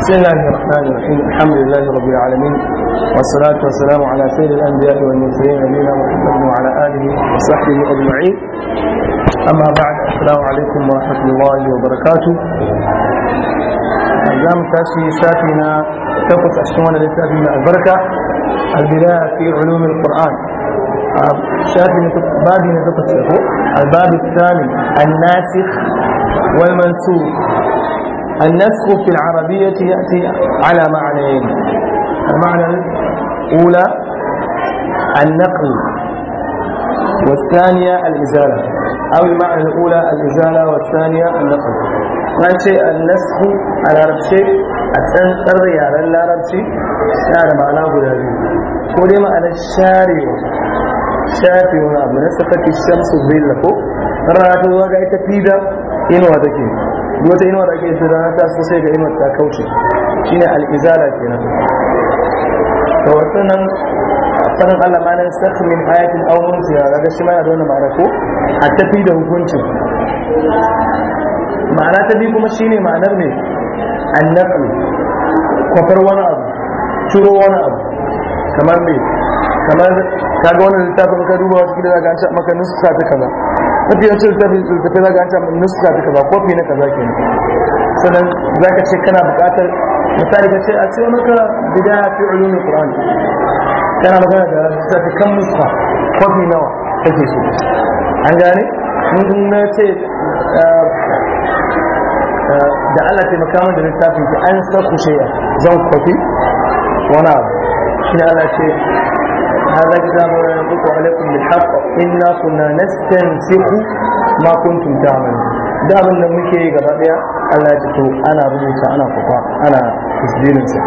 بسم الله الرحمن الرحيم الحمد لله رب العالمين والصلاة والسلام على سيد الأنبياء والمرسلين نبينا محمد وعلى آله وصحبه أجمعين أما بعد السلام عليكم ورحمة الله وبركاته أيام تاسي ساتنا تقص أشتوانا لتابي من البركة البداية في علوم القرآن شافي بابنا نتقص الباب الثاني الناسخ والمنسوخ النسخ في العربية يأتي على معنيين إيه؟ المعنى الأولى النقل والثانية الإزالة أو المعنى الأولى الإزالة والثانية النقل ما شيء النسخ على ربشي السنسر يا لا ربشي هذا معناه ذلك ولما أنا الشارع shafe wani abu na sakaki shamsu zai lafo rana ta zo ga ita fi wata inuwa da ake yi rana ta so sai ga inuwa ta kauce shine al'izala kenan to wannan sanin Allah ma nan sakh min ayatin aw munsiha kaga shi mana da wani ma'ana ko a tafi da hukuncin ma'ana ta biyu kuma shine ma'anar ne annaku kwafar wani abu turo wani abu kamar me kamar kaga wani littafin ka duba wasu gida zaka an ce maka sa ta kaza mafi yawancin littafi za ga an samu nuska ta kaza kofi na kaza ke sannan za ka ce kana buƙatar misali ka ce a ce maka bidaya fi ulumin qur'ani kana magana da littafi kan nuska kofi nawa kake so an gane mun na ce da Allah taimaka min da littafin ki an sa ku shaya zan kofi wani abu shi Allah ce هذا كتاب ينطق عليكم بالحق إنا كنا نستنسخ ما كنتم تعملون da abin da muke yi gaba daya Allah ya to ana rubuta ana kwakwa ana tasbirin sa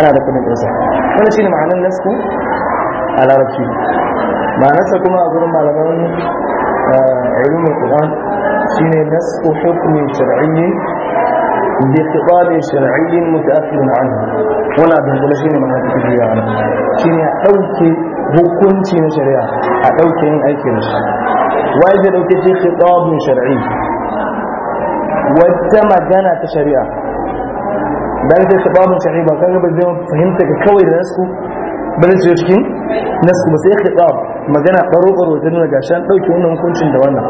ana da kudin ɗansa wannan shine ma'anar nasku a larabci ma'anarsa kuma a gurin malaman ilimin Qur'an shine nasku hukmi shar'iyyi bi khitab shar'iyyi mutaakhir anhu wannan da shine ma'anar tasbirin shine dauke hukunci na shari'a a ɗauke yin aiki da shi wai da ɗauke ce khitabun shar'i wata magana ta shari'a dan da khitabun shar'i ba kan ba zai fahimta ka kawai da nasu Bari zai shiga cikin nasu ba sai khitab magana baro baro ta nuna gashi an ɗauke wannan hukuncin da wannan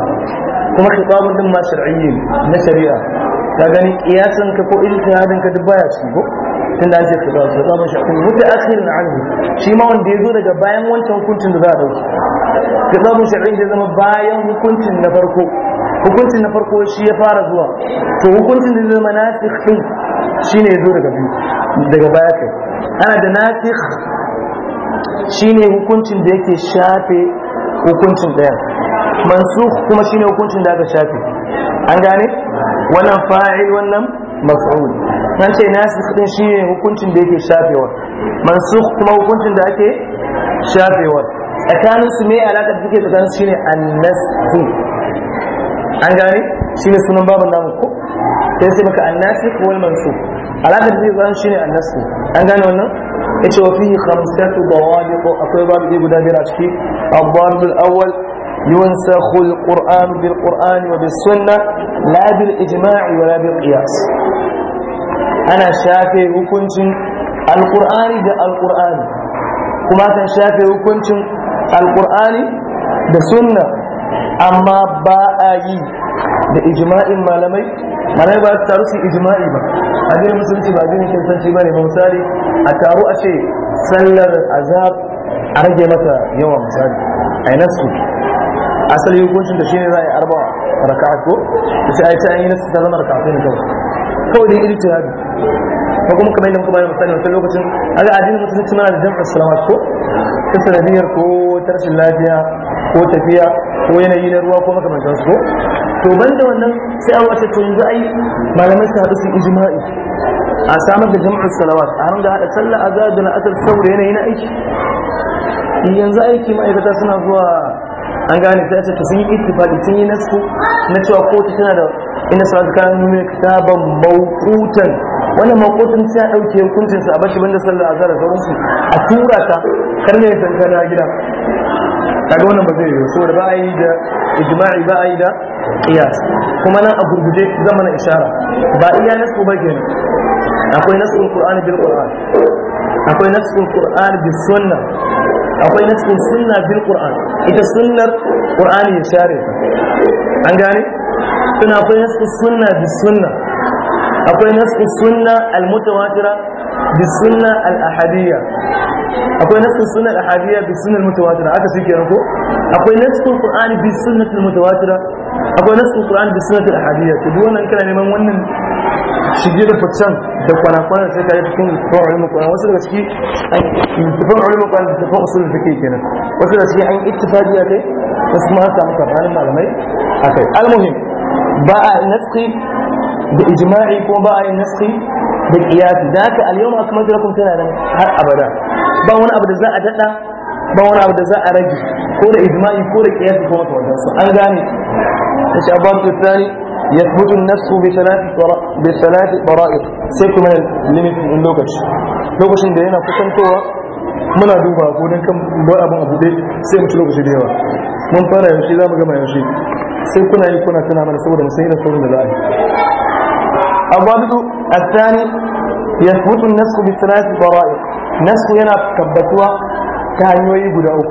kuma khitabun din ma ne na shari'a ka gani kiyasan ka ko ijtihadin ka duk baya ci ko tunda an ce kaza to zama shi kun muta akhirin alhu shi ma wanda yazo daga bayan wancan hukuncin da za a dauki ka mu shi da zama bayan hukuncin na farko hukuncin na farko shi ya fara zuwa to hukuncin da zama nasikh din shine yazo daga biyu daga baya kai ana da nasikh shine hukuncin da yake shafe hukuncin daya mansukh kuma shine hukuncin da aka shafe an gane wannan fa'il wannan maf'ul nan ce nasikh din shi ne hukuncin da yake shafewa Mansu kuma hukuncin da ake shafewa tsakanin su me alaka da take tsakanin su shine annasikh an gane shi ne sunan baban namu ko Ta sai maka annasikh wal mansukh alaka da take tsakanin ne annasikh an gane wannan ya ce wa da khamsatu dawabit akwai babu ɗaya guda biyar a ciki الضابط الأول ينسخ القرآن بالقرآن suna لا بالإجماع ولا بالقياس أنا شافي shafe القرآن ده القرآن كما تشافي وكنت القرآن ده سنة أما باعي ده إجماع مالمي malai ba su taru su ijma'i ba addinin musulunci ba addinin kiristanci ba ne ba misali a taru a ce sallar azab a rage mata yawa misali a yi nasu asali hukuncin da shine za a yi arba raka'a ko da sai a yi ta yi nasu ta zama raka'a ne kawai kawai dai iri tihabi ko kuma kamar yadda muka bayar misali wata lokacin a ga addinin musulunci mana da jam'ar salamat ko ta sanadiyar ko ta rashin lafiya ko tafiya ko yanayi na ruwa ko makamantansu ko to ban da wannan sai an wace to yanzu ai malamai su haɗu su ijma'i a samar da jam'ar salawat a da haɗa sallah azhar da asar saboda yanayi na aiki yanzu aiki ma'aikata suna zuwa an gane sai ta, ce sun yi ittifaqi sun yi nasu na cewa kotu tana da ina sa ta kan mai kitaban mawqutan wannan mawqutun sai a dauke hukuncin sa a bashi banda sallar azhar da sauransu a tura ta kar ne san kana gida kaga wannan ba zai yi So ba a yi da ijma'i ba a yi da qiyas kuma nan a gurguje zamanin ishara ba iya nasu ba kenan akwai nasu qur'ani bil qur'an akwai nasu qur'ani bis sunnah akwai nassin sunna bil qur'an ita sunnar qur'ani ya share ta an gane suna akwai nassin sunna bis sunna akwai nassin sunna al mutawatira bis sunna al ahadiyya akwai nassin sunna al ahadiyya bis sunna al mutawatira aka shi kenan ko akwai nassin qur'ani bis sunna al mutawatira akwai nassin qur'ani bis sunna al ahadiyya to duk wannan kana neman wannan shige da fitan da kwanakwanan sai ka yi cikin tafan ulumul qur'an wasu daga ciki an yi tafan ulumul qur'an da tafan usul fiqh kenan wasu daga ciki an yi ittifaqi akai wasu ma ta muka bayanin malamai a akai almuhim ba a yi nasqi da ijma'i ko ba a yi nasqi da qiyasi da haka al-yawma akmaltu lakum tana nan har abada ba wani abu da za a dada ba wani abu da za a rage ko da ijma'i ko da qiyasi ko mata wajen su an gane insha Allah tsani يثبت النفس بثلاث برا... بثلاث برائق سيكو من الليمت من اللوكش هنا فكان توا منا دوبا كونين كم بو ابو ابو دي سيم تلوكش دي هوا من فانا يمشي لا مجمع يمشي سيكو نا يكونا كنا من سورة مسيرة سورة الله الضابط الثاني يثبت النفس بثلاث برائق نفس هنا كبتوا كان يويبو دعوك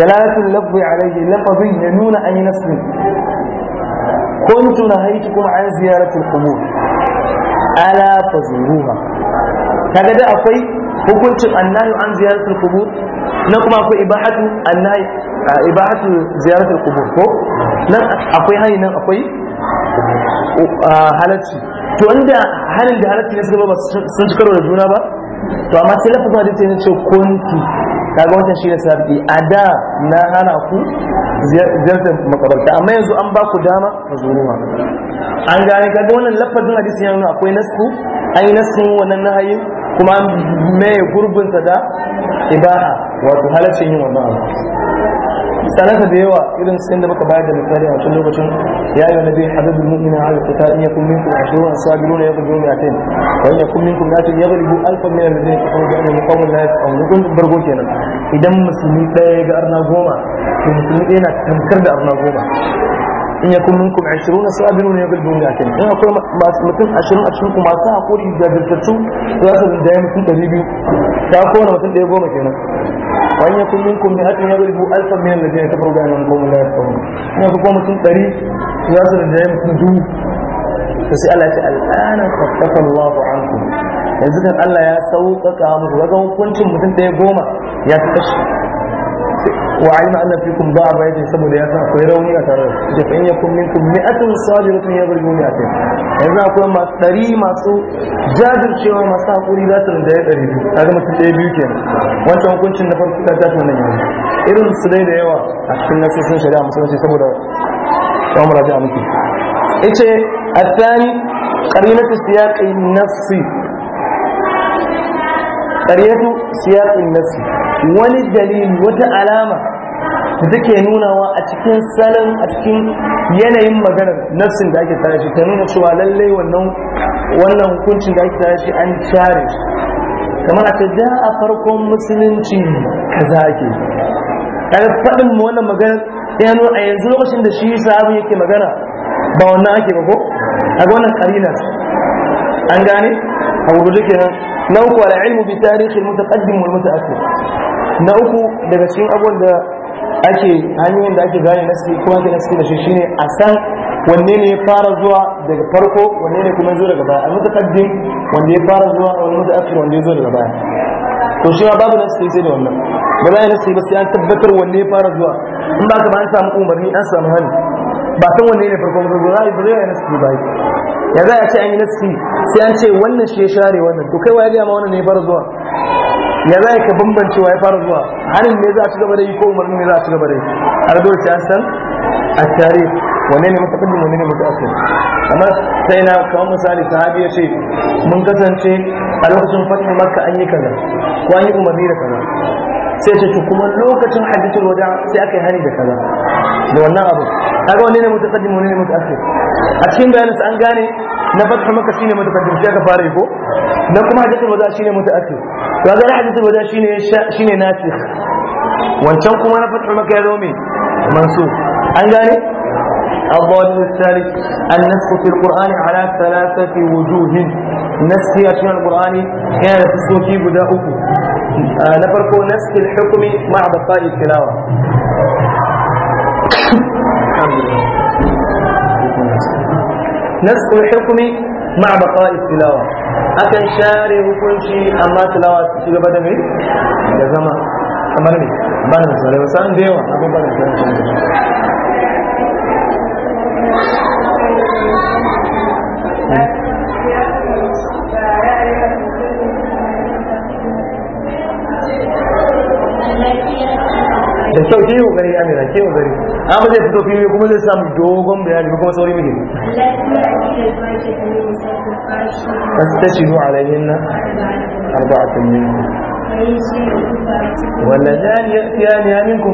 دلالة اللفظ عليه لفظ ينون أي نفس كنت نهيتكم عن زيارة القبور ألا فزوروها kaga da akwai hukuncin annahi an ziyaratul qubur na kuma akwai ibahatu annahi ibahatu ziyaratul qubur ko nan akwai hani nan akwai halacci to inda halin da halacci ne suka ba sun ci juna ba to amma sai lafazin hadisi ne ce kuntu kaga wancan ne sarki a da na hana ku ziyartar makabarta amma yanzu an ba ku dama ka zo an gane kaga wannan lafazin hadisi ya nuna akwai nasku ai nasu wannan nahayi kuma an mai gurbinta da ibaha wato halaccin yin wannan abu misalansa da yawa irin sun da muka bayar da misali a wancan lokacin ya yi wani biyu hadar bin mu'mina a yau ta iya kun minkum a shirin a sabiru na yau biyu mai wa iya kun minkum na ce ya bari bu alfa mai da zai kafa da ne kawai na ya kafa wani kun bargo kenan idan musulmi ɗaya ga arna goma to musulmi ɗaya na tamkar da arna goma in yakun minkum 20 sabirun yaghlibu mi'atin in akwai mutum 20 a cikin ku masu hakuri da jajirtattu za su da ya mutum 200 ta kowane mutum ɗaya goma kenan wa in yakun minkum mi'atin yaghlibu alfan min alladhina kafaru bi annahum qawmun la yafqahun in akwai mutum 100 za su da ya mutum dubu to sai Allah ya ce al'ana khaffafa Allahu ankum yanzu kan Allah ya sauƙaƙa muku ga hukuncin mutum ɗaya goma ya fi kashi وعلم ان فيكم ضعف يد سبب يا سنه فيروني اثر فان يكن منكم 100 صابر في يضرب 100 اذا اكو ما تري ما سو جادر شيوا ما ساقوري لا ترن داي دري هذا إيه ما تي بيو كان وانت حكمين نفر كذا جات من يوم ايرن سدي دا يوا اكن نسو سن شريعه مسلمه سبب دا قام راجع عنك ايتي الثاني قرينه السياق النفسي قرينه سياق النفسي wani dalili wata alama da take nunawa a cikin salon a cikin yanayin maganar nafsin da ake tare shi ta nuna cewa lallai wannan wannan hukuncin da ake tare shi an share shi kamar a ce da a farkon musulunci kaza ake ɗan faɗin mu wannan maganar ya nuna a yanzu lokacin da shi sahabi yake magana ba wannan ake ba ko a ga wannan karina an gane a gurguje kenan na uku al-ilmu bi tarihi al-mutaqaddim wal mutaakhir na uku daga cikin abubuwan da ake hanyoyin da ake gane nasi ko ake nasi da shi shine a san wanne ne ya fara zuwa daga farko wanne ne kuma zuwa daga baya a mutu kaddin wanda ya fara zuwa a wal mutaakhir wanda ya zo daga baya to shi ma babu nasi sai da wannan ba za a yi nasi ba sai an tabbatar wanne ya fara zuwa in ba ka ba an samu umarni an samu hannu ba san wanne ne farko ba za a yi ba zai nasi ba ya za a ce an yi nasi sai an ce wannan shi ya share wannan to kai wa ya gaya ma wannan ne ya fara zuwa ya za ka bambance wa ya fara zuwa harin ne za a ci gaba da yi ko umarni ne za a ci gaba da yi har dole sai an san a tare wane ne da wane ne mutaakhir amma sai na kawo misali sahabi ya ce mun kasance a lokacin fatin maka an yi kaza ko an yi umarni da kaza sai ce to kuma lokacin hadisul wada sai aka yi hani da kaza da wannan abu kaga wane ne da wane ne mutaakhir a cikin bayanin an gane na fatha maka shine mutaqaddim sai ka fara yi ko na kuma hadithul wada shine mutaakkid to ga hadithul wada shine shine nasikh wancan kuma na fatha maka ya zo me mansukh an gane الضالل الثالث النسخ في القرآن على ثلاثة وجوه نسخ أشياء القرآن كان تسوكي بداؤه نفرق نسخ الحكم مع بقاء التلاوة نسخ الحكم مع بقاء التلاوة أكن شاري كل شيء أما تلاوة تشيب بدمي يا زمان أمرني بنا سؤال وسام ديوان أبو بنا سؤال kyau ke yi kokari amina ke yi amma zai fito fili kuma zai samu dogon bayani kuma sauri muke فاستشهدوا عليهن أربعة منكم واللذان يأتيانها منكم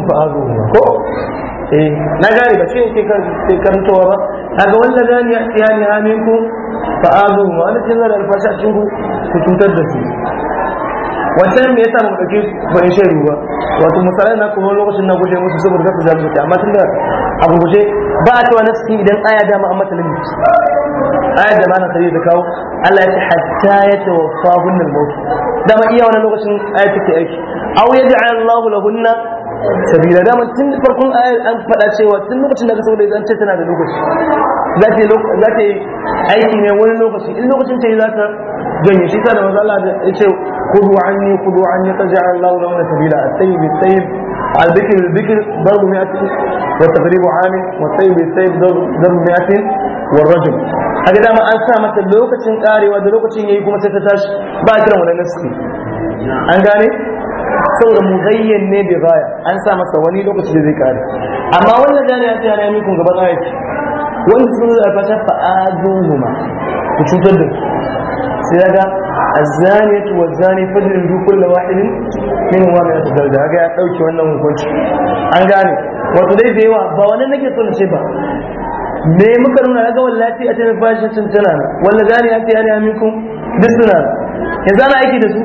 eh na gane ba sai ke sai karantowa ba daga wannan ya ni hamin ku ma wani cin zara alfashi a cikin ku cutar da su wancan me yasa mu dauke ban shan ruwa wato misalan na kuma lokacin na guje musu saboda kasu zamu ta amma tunda abu guje ba a cewa nasi idan aya dama an amma talimi aya dama na sai da kawo Allah ya ce hatta ya tawaffahun al-maut da ma iya wani lokacin aya take aiki aw yaj'al Allahu lahunna sabila sabida dama tun farkon ayar an faɗa cewa tun lokacin da ka saboda an ce tana da lokaci za ta yi aiki ne wani lokaci in lokacin ce yi za ta janye shi da manzo Allah ya ce kudu anni kudu anni taj'al Allah lana sabila at-tayyib at-tayyib al-dhikr al-dhikr darbu mi'atin wa taqribu 'ami wa at-tayyib at-tayyib darbu mi'atin wa rajul haka dama an sa mata lokacin karewa da lokacin ya yi kuma sai ta tashi ba kiran wani naski an gane saboda mugayyan ne bi baya an sa masa wani lokacin da zai kare amma wannan gane ya tsaya ne kun gaban ayati wanda sun zo da fata fa ajuhuma ku cutar da su sai ga azaniyatu wazani du kullu wahidin min wa min azalda ga ya dauke wannan hukunci an gane wato dai da yawa ba wannan nake so na ce ba me muka nuna daga wallahi a cikin fashin tuntuna wallahi zani ya ce min ku? duk suna yanzu ana aiki da su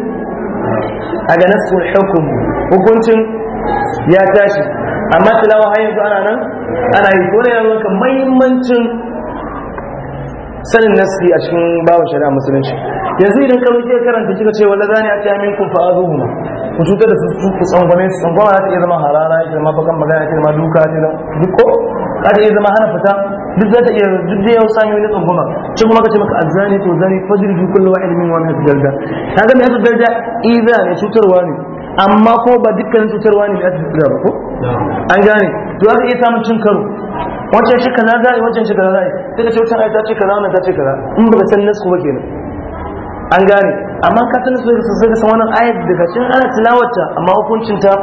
a ga nasul hukum hukuncin ya tashi amma tilawa har yanzu ana nan ana yi dole ya nuna muhimmancin sanin nasi a cikin babu shari'a musulunci yanzu idan ka roƙi karanta kika ce wanda zani a tiyamin yamin kun fa'azuhuma ku cutar da su su ku tsangwame su tsangwama za ta iya zama harara ta zama bakan magana ta zama duka ta zama duk ko za ta iya zama hana fita duk za ta iya duk da yau sanyo na tsangwama ce kuma ka ce maka azani to zani fajr ju kullu wa ilimin wani nasu dalda ka ga nasu dalda iza ne cutarwa ne amma ko ba dukkanin cutarwa ne da ta ba ko an gane to za ka iya samun cin karo wancan shi kaza za a yi wancan shi kaza za a yi sai ka ce wutan ai ta ce kaza wannan ta ce kaza in ba ka san nasu ba kenan an gane amma ka san nasu sai ka san wannan ayat daga cikin ana tilawarta amma hukuncin ta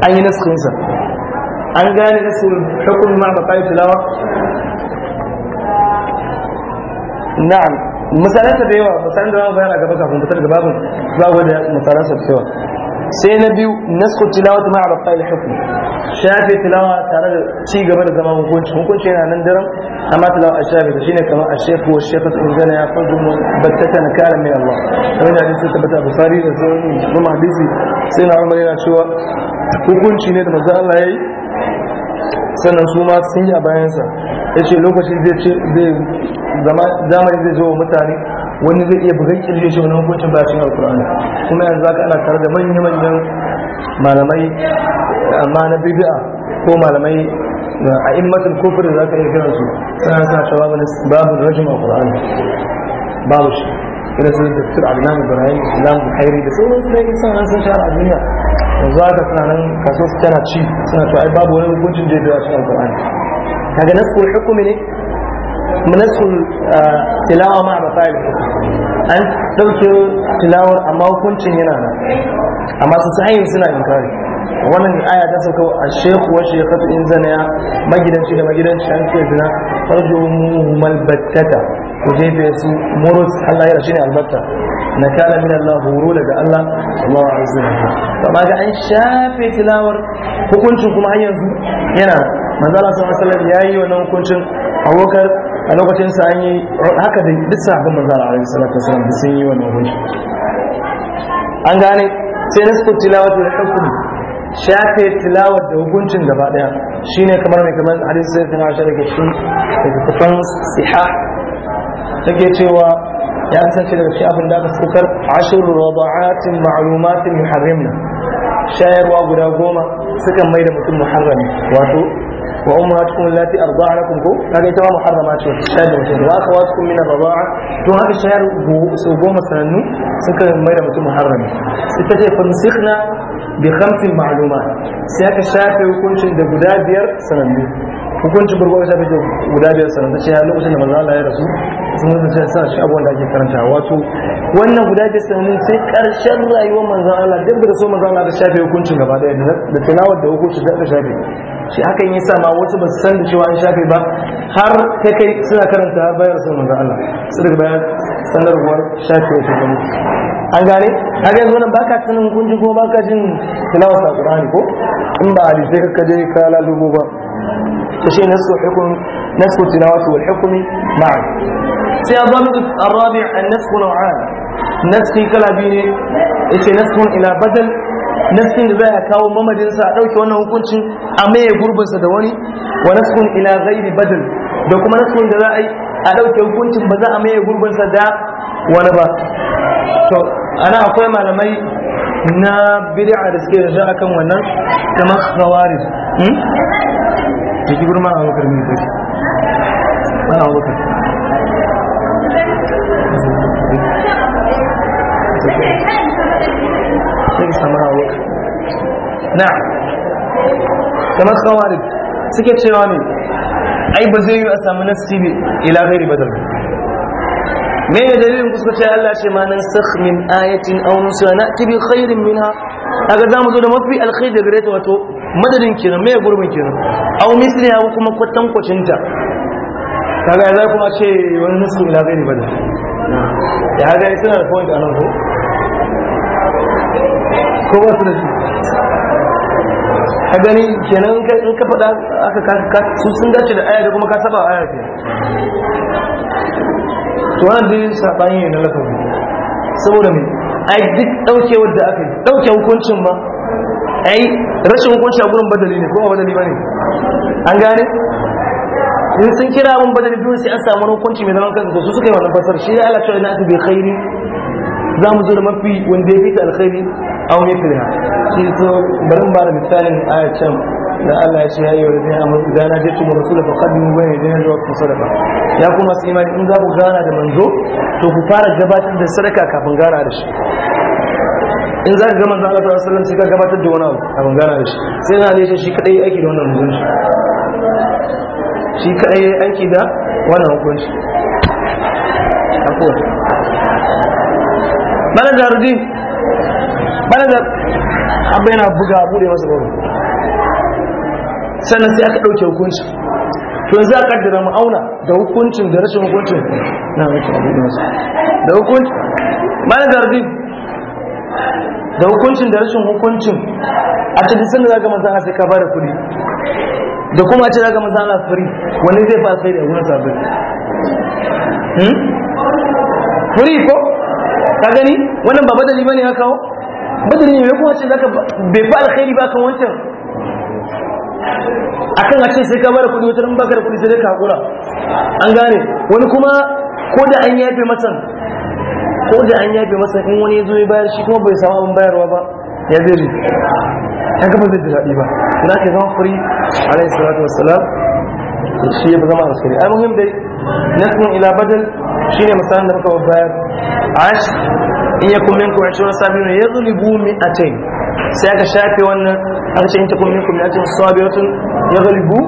an yi nasu sa an gane nasu hukumin ma ba kai tilawa na'am misalan ta da yawa misalan da za mu bayar a gaba kafin fitar da babin ba mu da misalan sa da yawa sai na biyu nasku tilawati ma arfa il hukm shafi tilawa tare da ci gaba da zama hukunci hukunci yana nan daren amma tilawa a shafi shine kamar a shefu wa shefas in zana ya fadu mu battata na kala mai Allah kamar da hadisi tabbata Bukhari da sauran kuma hadisi sai na Umar yana cewa hukunci ne da manzo Allah yi. sannan su ma sun yi a bayansa Ya ce lokacin zai zama zamani zai zo wa mutane wani zai iya bugan kirje shi wani hukuncin ba cin alkur'ani kuma yanzu zaka ana tare da manya-manyan malamai amma na bibi'a ko malamai a immatul kufr da zaka iya kira su suna sa shababu babu rajm alkur'ani babu shi kira su da Dr. Adnan Ibrahim Islam Bukhari da sauran su dai sun san shi a duniya yanzu haka suna nan kaso su tana ci suna to ai babu wani hukuncin da ya biya cin alkur'ani kaga nasu hukumi ne Munasul uh, tilawa ma ba mafali an dauke tilawar amma hukuncin yana nan amma su sa'ayin suna inkari wannan aya ta sauka a shekhu wa shekhatu in zanaya magidanci da magidanci an ke zina farjo mu battata ku je jefe su murus Allah ya rashi ne albatta na kala min Allah horo daga Allah Allah wa azza to amma ga an shafe tilawar hukuncin kuma har yanzu yana manzo Allah sallallahu alaihi wasallam yayi wannan hukuncin abokar a lokacin sa an yi haka da duk sahabban manzo Allah alaihi salatu wasallam sun yi wannan hukunci an gane sai na suka tilawatu da hukum shafe tilawar da hukuncin gaba daya shine kamar mai kamar hadisi sai tana shi daga cikin daga kufan siha take cewa ya kasance daga shi abin da aka sukar ashir rada'atin ma'lumatin muharrimna shayarwa guda goma sukan mai da mutum muharrami wato wa ummahatukum allati arda'anakum ko kaga ita ma muharrama ce shayar da mutum wa akhawatukum min ar-rida'a don haka shayar sau goma sanannu sun kan mai da mutum muharrami sai ta ce fansikhna bi khamsin ma'lumat sai aka shafe hukuncin da guda biyar sanannu hukuncin gurgurwa shafe da guda biyar sanannu ce ya lokacin da manzo Allah ya rasu sun zama sai sa shi abubuwan da ake karanta wato wannan guda biyar sanannu sai da so da shafe hukuncin gaba daya da da hukuncin da shafe shi hakan ya sa ma wasu ba su san da cewa an shafe ba har ta kai suna karanta bayar sun manzo Allah su daga bayan sanarwar shafe shi kuma an gane har yanzu nan baka sanin kunji ko baka jin tilawar alqur'ani ko in ba hadisi ka je ka lalubo ba to shi nasu hukum nasu tilawatu wal hukumi ma'a sai azamu arabi an nasu nau'an nasu kala biyu ne yace nasu ila badal nafsin da zai a kawo mamadinsa a ɗauke wannan hukuncin a maye gurbinsa da wani wa nafsin ila ghairi badal da kuma nafsin da za a yi a ɗauke hukuncin ba za a maye gurbinsa da wani ba to ana akwai malamai na bid'a da suke akan wannan kamar da hmm? ki gurma a kan mai zai ba a Thank you. samawik na kamar kawari suke cewa ne ai ba zai yi a samu nassi ila gairi ba? me ne dalilin ku suka ce Allah ce ma nan sakh min ayatin aw nusa na'ti bi khairin a ga zamu zo da mafi da gare ta wato madadin kenan me gurbin kenan aw misliha ya kuma kwatankwacin ta kaga ya za kuma ce wani nasu ila gairi da da haka suna da point a nan ko ko ba su da shi a gani kenan in ka faɗa aka kaka su sun dace da ayar da kuma ka saba ayar ke to wannan dai sabani ne na lafazi saboda me ai duk dauke wanda aka yi dauke hukuncin ma ai rashin hukunci a gurin badali ne ko ba badali ba ne an gane in sun kira mun badali dole sai an samu hukunci mai zaman kansa to su suka yi wannan fasar shi ya Allah cewa ina ta bi khairi za mu zo da mafi wanda ya fi ta alkhairi a wani firha shi so barin ba da misalin aya can da Allah ya ce ya yi wa zai gana idan na masu da rasulun yin wani mu zo idan zuwa ku sadaka ya kuma su imani in za ku gana da manzo to ku fara gabatar da sadaka kafin gana da shi in za ka gama manzo Allah sallallahu alaihi sai gabatar da wani abu kafin gana da shi sai na ne shi kadai aiki da wannan hukunci shi kadai aiki da wannan hukunci akwai bana jarudi bana da abba yana buga bude masa baro sannan sai aka ɗauke hukunci to yanzu aka kaddara mu auna da hukuncin da rashin hukuncin na mai abu da masa da hukuncin bana jarudi da hukuncin da rashin hukuncin a cikin sanda zaka manzo Allah sai ka da kuɗi da kuma ce zaka manzo Allah firi wani zai fa sai da gurin sabbin hmm? firi ko ka gani wannan ba badali bane ya kawo badali ne kuma ce zaka bai fa alkhairi ba kan wancan akan a ce sai ka bada kudi wata baka da kudi sai ka hakura an gane wani kuma ko da an yafe masa ko da an yafe masa in wani ya zo ya bayar shi kuma bai samu abin bayarwa ba ya zai ji ta gaba zai ji daɗi ba za ka zama furi alaihi salatu wassalam shi ya fi zama alkhairi ai muhim dai nasbun ila badal shine misalin da muka bayar ash in yakun minkum 20 sabirun yadhlibu mi'atayn sai aka shafe wannan aka ce in takun minkum mi'atun sabiratun yadhlibu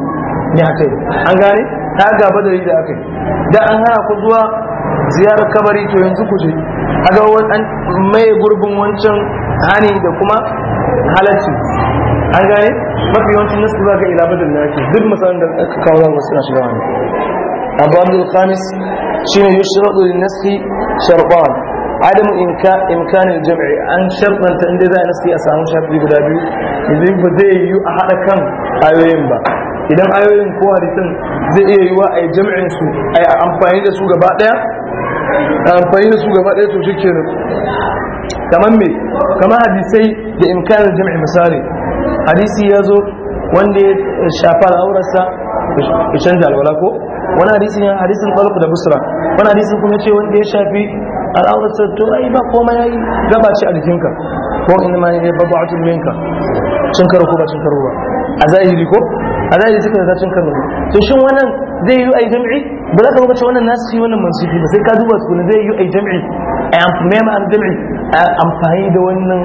mi'atayn an gane ta ga yi da aka da an hana ku zuwa ziyarar kabari to yanzu ku je kaga an mai gurbin wancan hani da kuma halarci an gane mafi yawancin nasu ba ga ila na yake duk misalin da aka kawo zama suna shiga wani abu abdul khamis shine yushradu lin nasi sharban عدم an الجمع inda za a تندد a أسامو shafi guda biyu idan ba zai yiwu a haɗa kan ayoyin ba idan ayoyin da hadisin zai iya yiwa a yi jam'in su a yi amfani da su gaba ɗaya amfani da su gaba ɗaya to shi kamar me kamar hadisai da imkanin jam'i misali hadisi ya zo wanda ya shafa aurarsa ya canza alwala ko wani hadisi ya hadisin talq da busra wani hadisin kuma ce wanda ya shafi al'aurarsa to ai ba komai yayi gaba ce a jikinka ko in ma ya babu'atun minka cin karo ko ba cin karo ba a zahiri ko a zahiri suka da cin karo to shin wannan zai yi ai jami'i ba za ka ga wannan nasu wannan mansufi ba sai ka duba su ne zai yi ai jami'i ai amfani ma an jami'i amfani da wannan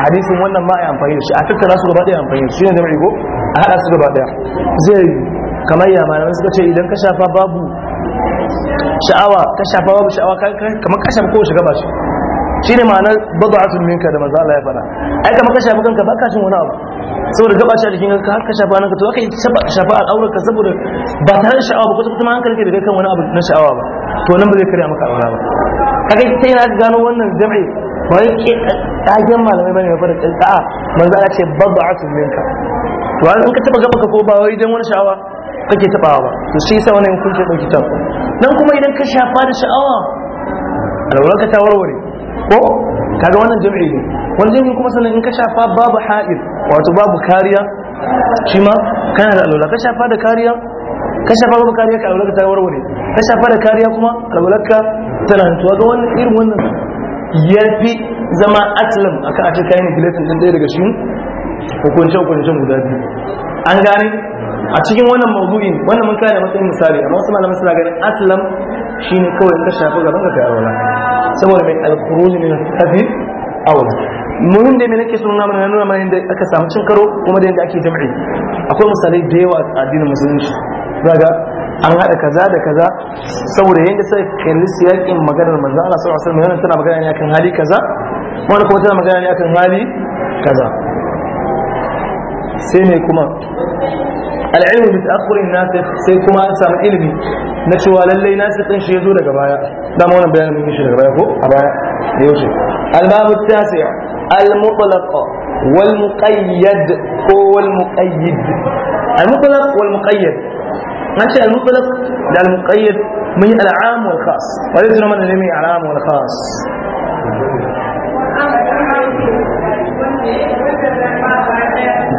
hadisin wannan ma a amfani da shi a tattara su gaba daya amfani shi ne da rigo a hada su gaba daya zai kamar ya malamai suka ce idan ka shafa babu sha'awa ka shafa babu sha'awa kamar ka shafa kowace gaba shi shi ne ma'anar badu'atun minka da maza Allah ya fada ai kamar ka shafa kanka ba ka cin wani abu saboda gaba shi a jikin ka har ka shafa nan ka to aka shafa al'aurar ka saboda ba tare da sha'awa ba kuma kuma hankali ka daga kan wani abu na sha'awa ba to nan ba zai karya maka aura ba kaga sai na gano wannan jam'i ba wai ke kagen malamai bane ba da tsa'a manzo Allah ce bad'atun minka to an ka taba gaba ka ko ba wai dan wani sha'awa kake tabawa ba to shi yasa wannan hukunci ya dauki ta nan kuma idan ka shafa da sha'awa alwala ka ta warware ko kaga wannan jam'i ne wani jam'i kuma sannan in ka shafa babu ha'ir wato babu kariya shi ma kana da alwala ka shafa da kariya ka shafa babu kariya ka alwala ka ta warware ka shafa da kariya kuma alwala ka tana hantuwa ga wannan irin wannan ya fi zama aslam a kan cikin kayan filatin ɗan ɗaya daga cikin hukunce-hukuncen guda biyu an gane a cikin wannan mawdu'in wannan mun kare matsayin misali amma wasu malamai suna ganin aslam ne kawai ka shafi gaban ka kai wala saboda mai al ne min al-kafi aure muhim da me nake so nuna mana nuna mana yadda aka samu cin karo kuma da yadda ake jam'i akwai misalai da yawa a addinin musulunci zaga an haɗa kaza da kaza saboda yadda sai kalli siyaƙin maganar manzo Allah sallallahu alaihi wasallam tana magana ne akan hali kaza wanda kuma tana magana ne akan hali kaza sai ne kuma al'ilmi bi ta'akhurin nasikh sai kuma an samu ilimi na cewa lallai nasikh din shi yazo daga baya dama wannan bayanin mun shi daga baya ko a baya da yaushe al-babu tasi' al-mutlaq wal muqayyad ko wal muqayyid al-mutlaq wal muqayyad ماشي المطلق لا المقيد من العام والخاص وليس من الجميع العام والخاص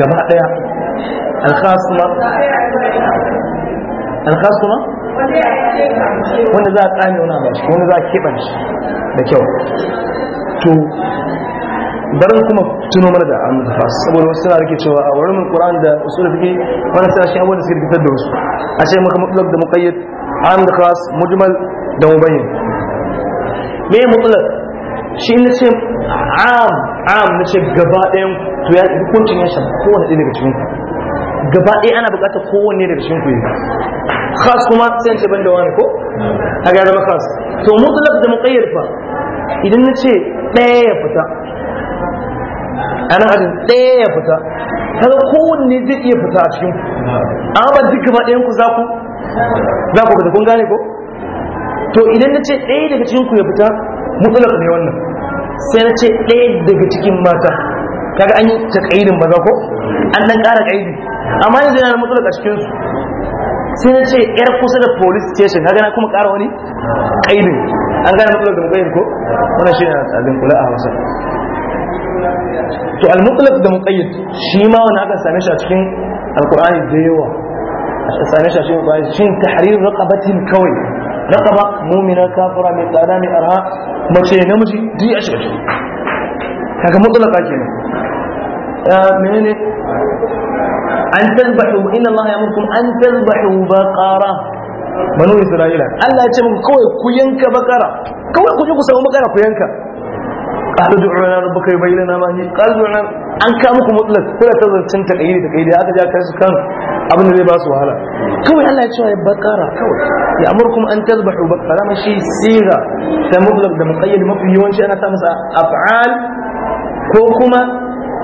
جماعة الخاص ما الخاص ما وانا ذا قاني ونامش وانا بكيو تو barin kuma tuno mana da an fa saboda wasu suna rike cewa a wurin alquran da usul fiqi wannan sai shi abubuwan da suke rikitar da wasu a ce maka mutlaq da muqayyad am da khas mujmal da mubayyin me mutlaq shi ne ce am am ne ce gaba ɗayan to ya hukuncin ya shafi kowane ɗaya daga cikin ku gaba ɗaya ana buƙatar kowanne daga cikin ku yi khas kuma sai ce ban da wani ko a ga zama khas to mutlaq da muqayyad fa idan na ce ɗaya ya fita nan ajin ɗaya ya fita kaga kowanne zai iya fita a cikin an ba duk gaba ɗayan ku za ku za ku fita kun gane ko to idan na ce ɗaya daga cikin ku ya fita mutulak ne wannan sai na ce ɗaya daga cikin mata kaga an yi ba za ko an ɗan ƙara kaidi amma yanzu yana mutulak a cikin su sai na ce yar kusa da police station kaga na kuma ƙara wani kaidin an gane mutulak da mukayin ko wannan shine abin kula a wasa. to al-mutlaq da muqayyad shi ma wani aka same shi a cikin alqur'ani da yawa aka same shi a cikin alqur'ani shin tahrir raqabatin kawai raqaba mu'mina kafira min tsada mai arha mace namiji duk ya shiga cikin kaga mutlaqa kenan menene an tazbahu inna allaha ya'murukum an tazbahu baqara banu isra'ila Allah ya ce muku kawai ku yanka bakara kawai ku je ku samu bakara ku yanka قال دعونا ربك يبين لنا قال دعونا ان كانكم مطلق فلا تظن انت قيدي تقيدي هذا جاء كان سكان ابن اللي باس وهلا كوي هلا شو بقرة كوي يأمركم أن تذبحوا بقرة ما شيء سيغة تمطلق ده قيد ما في يوم أنا تمس أفعال كوكما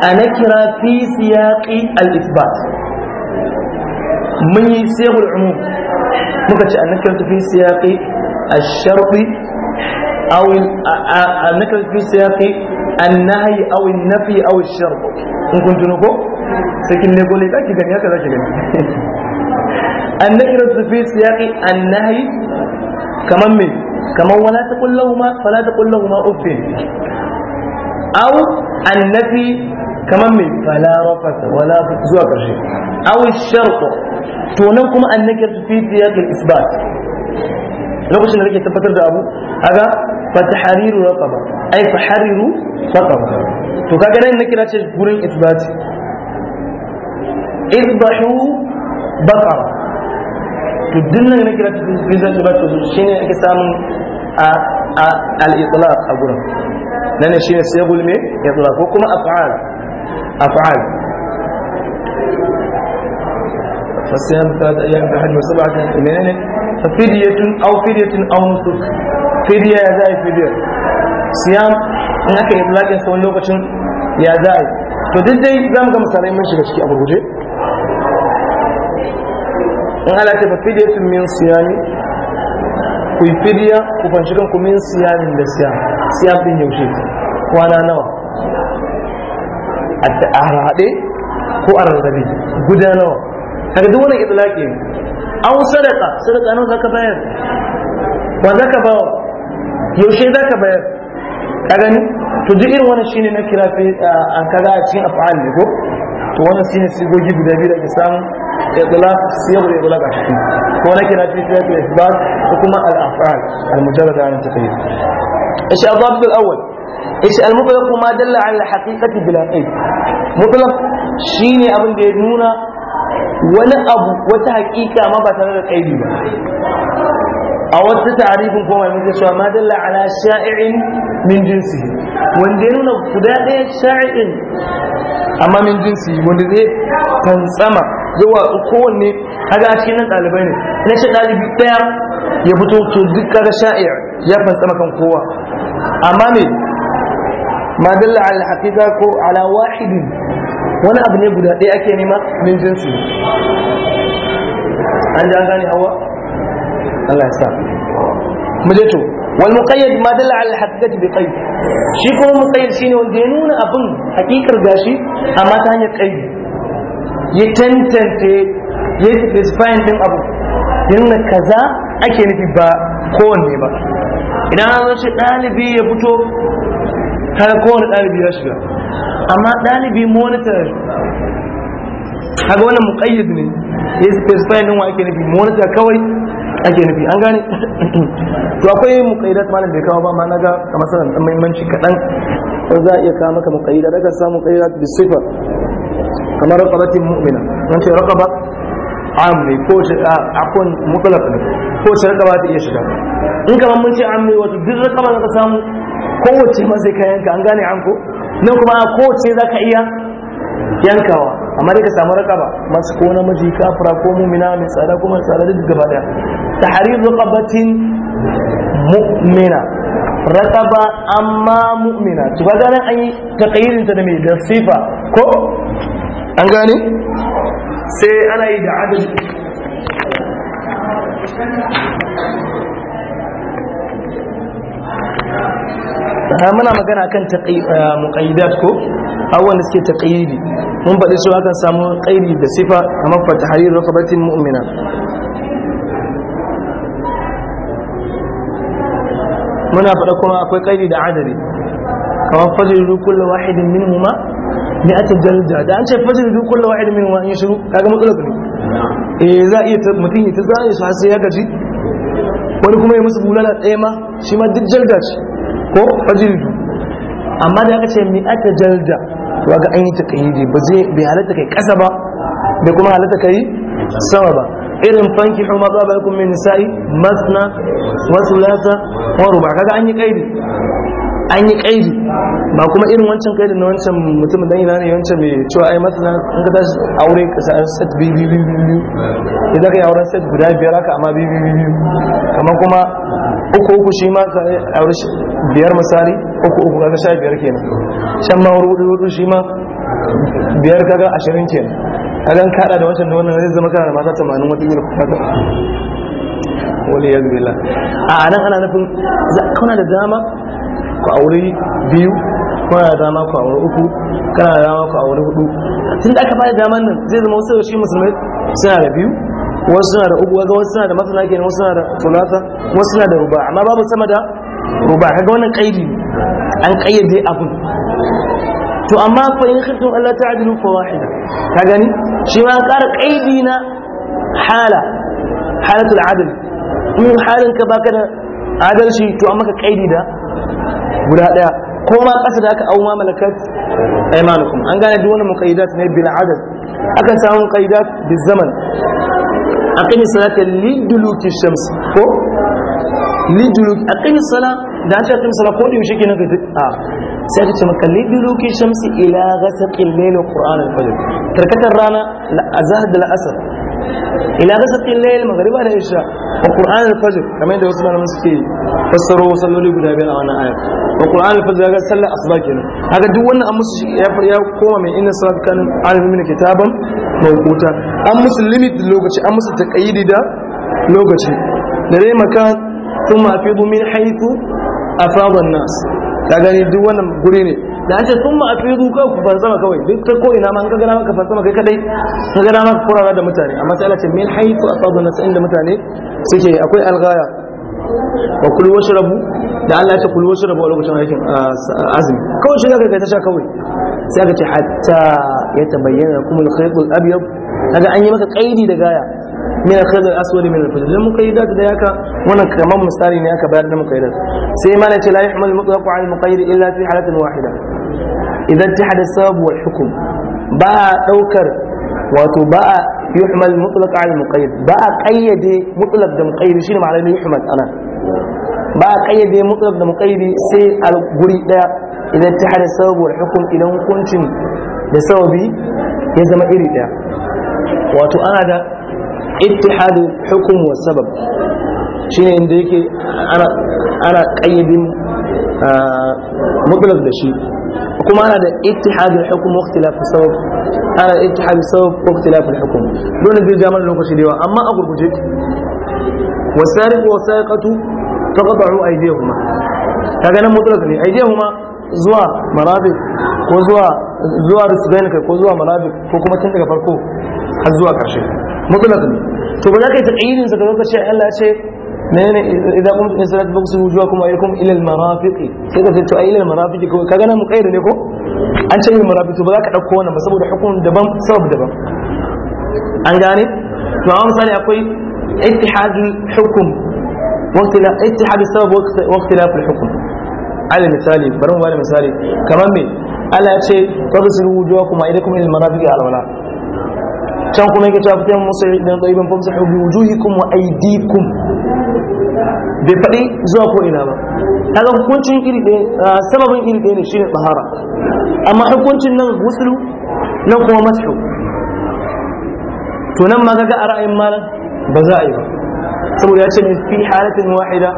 أنكر في سياق الإثبات من سياق العموم ممكن أنكرت في سياق الشرط أو النكرة في سياق النهي أو النفي أو الشرط ممكن تنوكو سكن نقول لك أكيد كذا كذا النكرة في سياق النهي كمان من كمان ولا تقل لهما فلا تقل لهما أف أو النفي كمان من فلا رفث ولا فسوق أو الشرط تونكم النكرة في سياق الإثبات lokacin da kake tabbatar da abu aga fatahariru raqaba ai fahariru raqaba to kaga nan nake na ce gurin isbati isbahu baqara to nan nake na ce gurin shi shine ake samun a al-itlaq a gurin nan shine sai gulme itlaq ko kuma af'al af'al فالصيام ثلاثة أيام في الحج وسبعة منين fidiyatun au fidiyatun au nusuk fidiya ya za a yi fidiya siyam in aka yi tulakin sa wani lokacin ya za a yi to duk dai za mu ga misalai mun shiga ciki a gurguje in ala ta fa fidiyatun min siyami ku yi fidiya ku fanshi kanku min siyamin da siyam siyam din yaushe kwana nawa a haɗe ko a rarrabe guda nawa kaga duk wani itlaqi ne an sadaka sadaka nan zaka bayar wa zaka bawa yaushe zaka bayar ka gani to duk irin wannan shine na kira fi an kaza a cikin af'al ne ko to wannan shine sigogi guda biyu da ke samu itlaq siyar da dala ka shi ko na kira fi fi isbat ko kuma al af'al al mujarrada an tafiyya ايش الضابط الاول ايش المطلق ما دل على الحقيقه بلا قيد مطلق shine abin da ya nuna wani abu wata hakika ma ba tare da kaidi ba a wata tarihin kuma mai muke cewa madalla ala sha'irin min jinsi wanda ya nuna guda ɗaya sha'irin amma min jinsi wanda zai tantsama zuwa kowanne haga a cikin nan ɗalibai ne na shi ɗalibi ɗaya ya fito to duk kaga sha'ir ya tantsama kan kowa amma ne ma ala hakika ko ala wahidin wani abu ne guda ɗaya ake nema min jinsi an ji an gane hawa Allah ya sa mu je to wal muqayyad ma dalla al haqqati bi qayd shi kuma muqayyad shine wanda ya nuna abun hakikar gashi amma ta hanyar qayd ya tantance ya specify din abu yana kaza ake nufi ba kowanne ba idan an zo shi ɗalibi ya fito kada kowanne ɗalibi ya shiga amma ɗalibi monitor kaga wannan muƙayyad ne ya yi specify din wa ake nufi monitor kawai ake nufi an gane to akwai muƙayyidat malam bai kawo ba ma na ga a matsalar ɗan mahimmanci kaɗan ko za a iya kawo maka muƙayyidat daga samu muƙayyidat bi sifa kamar raqabatin mu'mina an ce raqaba am ne ko akon mutlaq ne ko ce raqaba ta iya shiga in kamar mun ce am ne wato duk raqaba da ka samu kowace ma sai ka yanka an gane an ko nan kuma kowace za ka iya yankawa amma dai ka samu rakaba masu ko namiji kafira ko mumina mai tsada ko mai tsada duk gaba daya tahrir raqabatin mu'mina raqaba amma mu'mina to ka nan an yi taqyirin ta da mai da sifa ko an gane sai ana yi da adadi Thank you. muna magana kan eh, muqayyidat ko abubuwan da suke taqayyidi mun faɗi su akan samu qaidi da sifa mafata harin rukabatin mu'mina muna faɗa kuma akwai qaidi da adadi kamar fajridu kullu wahidin a mi'ata jalda da an ce fajridu kullu wahidin minimuma in shiru ga matsalar ne e za iya mutum ya ta iya su har ya gaji wani kuma ya musu bulala ɗaya ma shi ma duk jalda ce ko fajildu amma da aka ce aka jalda wa ga an yi ba zai bai halatta kai kasa ba bai kuma halatta kai sama ba irin fanki huma za ba yakum kuma nisa'i masna wasu lasa wani ruba kaga an yi kaidi an yi kaidi ba kuma irin wancan kaidin na wancan mutumin dan ina ne wancan mai cewa ai masana in ka tashi aure ka sa set bi bi bi bi idan ka yi auren set guda biyar haka amma bi bi bi kamar kuma uku uku shi ma ka aure biyar misali uku uku kaga sha biyar kenan shan ma hudu hudu shi ma biyar kaga ashirin kenan kaga kada da wancan da wannan zai zama kana da mata 80 wata kila wani yanzu a nan ana nufin kuna da dama ku aure biyu kuna da dama ku aure uku kana da dama ku aure hudu tun da aka fara daman nan zai zama wasu shi musulmai suna da biyu wasu suna da uku wasu suna da masana kenan wasu suna da tulata wasu suna da ruba amma babu sama da ruba kaga wannan kaidi an kayyade abun to amma fa in khiftum alla ta'dilu fa wahida ka gani shi ma ƙara kaidi na hala halatul adl in halin ka baka da adalci to amma ka kaidi da guda daya ko ma kasa da aka auma malakat aymanukum an gane duk wani muqayyidat ne bil adad akan samu muqayyidat bil zaman aqimi salata liduluki shams ko liduluki aqimi salata da ta aqimi salata ko diyo shike na ga a sai ta ce maka liduluki shamsi ila ghasaqil layl qur'an al-fajr tarkatar rana la azhad al-asr ina ga sakin layil magariba da isha wa qur'an al-fajr kamar da wasu malaman suke fassaro salloli guda biyar a wannan ayar wa qur'an al-fajr ga sallar asuba kenan haka duk wannan an musu ya ya koma mai inna salat kan al-mu'min kitaban mawquta an musu limit lokaci an musu taqayidi da lokaci da dai makan thumma afidu min haythu a an-nas ka gani duk wannan guri ne da an ce sun ma a fi zuka ku fansama kawai duk ta ko'ina ma an ka gana maka fansama kai kadai ka gana maka kurara da mutane amma sai ce min haitu a tsadu na sa'in da mutane suke akwai algaya wa kul rabu da Allah ya ce kul rabu a lokacin aikin azumi kawai shi zaka kai ta sha kawai sai ka ce hatta ya tabayyana kuma al-khayt al-abyad kaga an yi maka kaidi da gaya min al-khayt aswad min al-fajr dan muka yi da yaka wannan kamar misali ne aka bayar da mu yi sai ma ce la yahmal mutlaqu ala al-muqayyid illa fi halatin wahida idan ta hada sababu wal hukum ba a daukar wato ba a yuhmal mutlaq al muqayyad ba a qayyade mutlaq da muqayyad shine ma'anar yuhmal anan ba a qayyade mutlaq da muqayyad sai al guri daya idan ta hada sababu wal hukum idan hukuncin da sababi ya zama iri daya wato ana da ittihadu hukum wa sabab shine inda yake ana ana qayyadin mutlaq da shi kuma ana da ittihad al-hukm wa ikhtilaf al-sawab ana da ittihad al-sawab wa ikhtilaf al-hukm don zai ja mana lokaci da yawa amma a gurguje wasariqu wa sariqatu taqta'u aydihuma kaga nan mutlaq ne aydihuma zuwa marabi ko zuwa zuwa rusbain kai ko zuwa marabi ko kuma daga farko har zuwa karshe to ba za ka sa ka zo نين إذا قمت من صلاة بغسل وجوهكم وإيكم إلى المرافق سيدا سيدتوا أي إلى المرافق كأنا مقير لكم أن شيء المرافق بلاك أكوانا بسبب الحكم دبام سبب دبام أن جاني فأنا نعم، مصالي أقوي اتحاد الحكم واختلاف اتحاد السبب واختلاف الحكم على مثالي برون والي مثالي كمان من. ألا شيء تغسل وجوهكم وإيكم إلى المرافق على ولا can kuma yake cewa fitan musa idan tsayiban famsahu bi wujuhikum wa aidikun bai faɗi zuwa ko ina ba kaga hukuncin iri ɗaya sababin iri ɗaya ne shine tsahara amma hukuncin nan gusulu nan kuma mashu to nan ma ga a ra'ayin malam ba za a yi ba saboda ya ce ne fi halatin wahida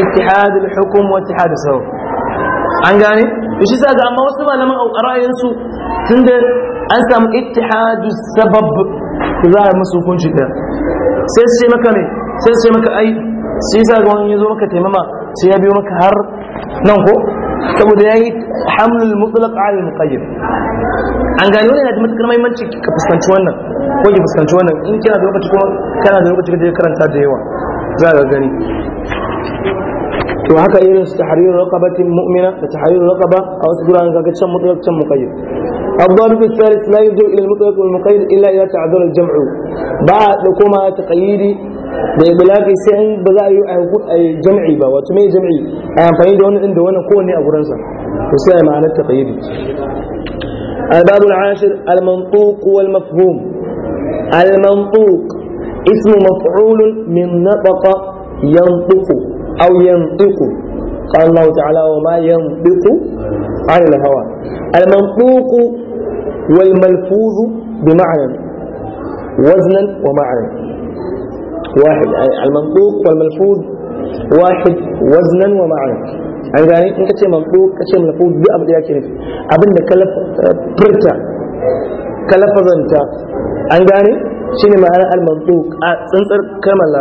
ittihadul hukum wa ittihadus sabab an gane shi sa ga amma wasu malaman a ra'ayinsu da an samu ittihadu sabab za a musu hukunci ɗaya sai su ce maka ne sai su ce maka ai sai sa ga wani yazo maka taimama sai ya biyo maka har nan ko saboda yi hamlin mutsulak a al mukayyar an gani wani yana da matukar muhimmanci ka fuskanci wannan ko ki fuskanci wannan in kina da lokaci kuma kana da lokaci ka je karanta da yawa za ka gani to haka irin su tahriru raqabatin mu'mina da tahriru raqaba a wasu guraren kaga can mutlaq can muqayyad الضابط الثالث لا يلجأ إلى mutlaq wal إلا illa تعذر الجمع al-jam'u ba da kuma taqayidi da ibilaki sai an ba za a yi jam'i ba wato mai jam'i a amfani da wani inda wani kowanne a gurin sa to sai a ma'anar al-mantuq wal mafhum al-mantuq ismu maf'ul min nataqa ينطق أو ينطق قال الله تعالى وما ينطق عن الهوى المنطوق والملفوظ بمعنى وزنا ومعنى واحد يعني المنطوق والملفوظ واحد وزنا ومعنى عن يعني ذلك يعني انت كشي منطوق كشي ملفوظ بأبدا يكين أبدا كلف برتا كلف ظنتا عن ذلك شنو معنى المنطوق أنصر آه، كلمة الله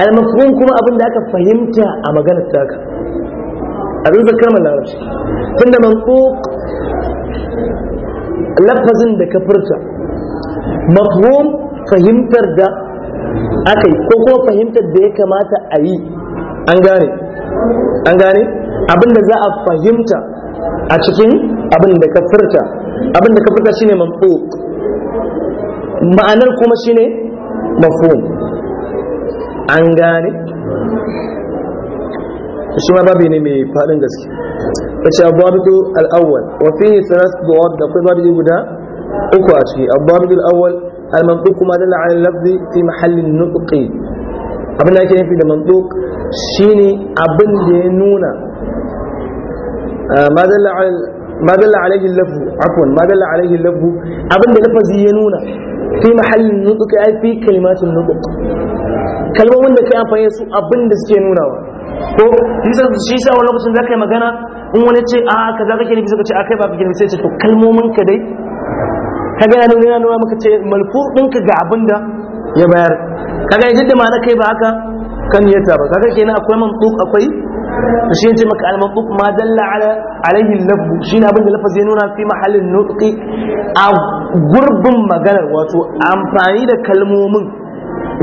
almafhum kuma abin da aka fahimta a maganar taka abin zakar man larabci da mantuq lafazin da ka furta mafhum fahimtar da aka yi ko kuma fahimtar da ya kamata a yi an gane an gane abin da za a fahimta a cikin abin da ka furta abin da ka furta shine mantuq ma'anar kuma shine mafhum an gane shi ma babi ne mai faɗin gaske wace abubuwa al'awwal wafi ne sanas da wadda kai babi guda uku a ciki abubuwa al'awwal al-mantuq kuma dala ala lafzi fi mahallin nutqi abin da ake nufi da mantuq shine abin da ya nuna ah, ma dala ala ma dalla alaihi lafu afwan ma dalla alaihi lafu abinda lafazi ya nuna fi mahallin nutsuka ai fi kalimatin nutsuka kalmomin da kai amfani su abinda suke nuna wa? ko shi sa wani lokacin zaka yi magana in wani ce a ka kaza kake bisa suka ce a kai ba kake nufi sai ce to kalmomin ka dai ka ga yana nuna nuna maka ce malfu ka ga abinda ya bayar kaga yadda ma'ana kai ba haka kan yata ba kaga kenan akwai mantuk akwai shi yace maka al-mantuq ma dalla ala alaihi al-lafz shine abin da lafazi ya nuna fi mahallin nutqi a gurbin maganar wato amfani da kalmomin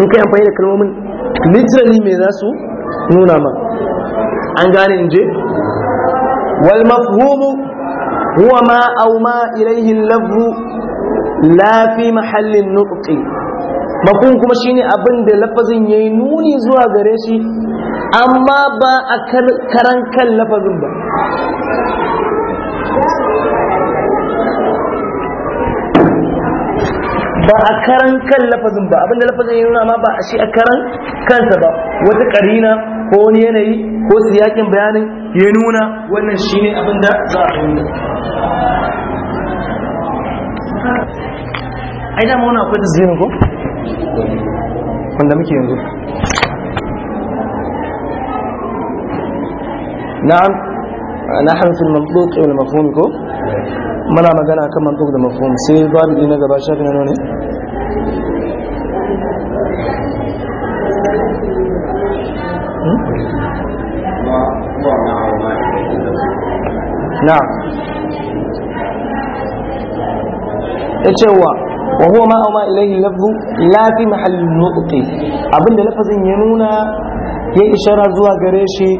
in kai amfani da kalmomin literally me za su nuna ma an gane in je wal mafhumu huwa ma aw ma ilaihi al-lafz la fi mahallin nutqi mafhum kuma shine abin da lafazin yayi nuni zuwa gare shi amma ba a karan kan lafazin ba ba a karan kan lafazin ba abinda lafazin ya nuna ma ba a shi a karan kansa ba wata karina ko wani yanayi ko siyakin bayanin ya nuna wannan shi ne abinda za a nuna ai dama wani akwai da ko wanda muke yanzu نعم نحن في المنطوق او المفهوم كو منا ما كم منطوق ده مفهوم سيد بابي دينا قبا شافنا نوني نعم ايش هو وهو ما او ما اليه لفظ لا في محل النطق ابن لفظ ينونا يا اشاره زوا قريشي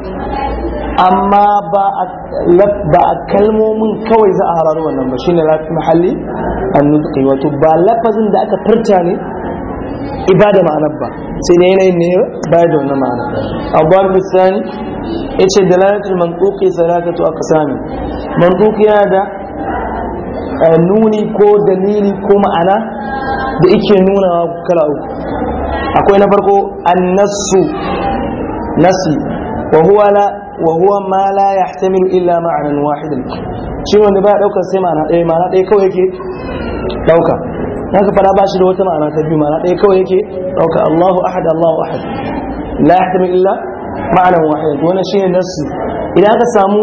amma ba a kalmomin kawai za a hararo wannan ba shine mahalli annutqi wato ba lafazin da aka furta ne ibada ma'anar ba sai ne yanayin ne ba da wannan ma'ana abu bisani ya ce da lalatar mantuki salatatu sami. mantuki yana da eh, nuni ko dalili ko ma'ana da ike nuna kala uku akwai na farko an nasu, nasi wa huwa la wa huwa ma la yahtamilu illa ma'anan wahidan shi wanda ba daukar sai ma'ana ɗaya ma'ana ɗaya kawai yake dauka haka fara ba shi da wata ma'ana ta biyu ma'ana ɗaya kawai yake dauka Allahu ahad Allahu ahad la yahtamilu illa ma'anan wahidan wannan shine nasu idan aka samu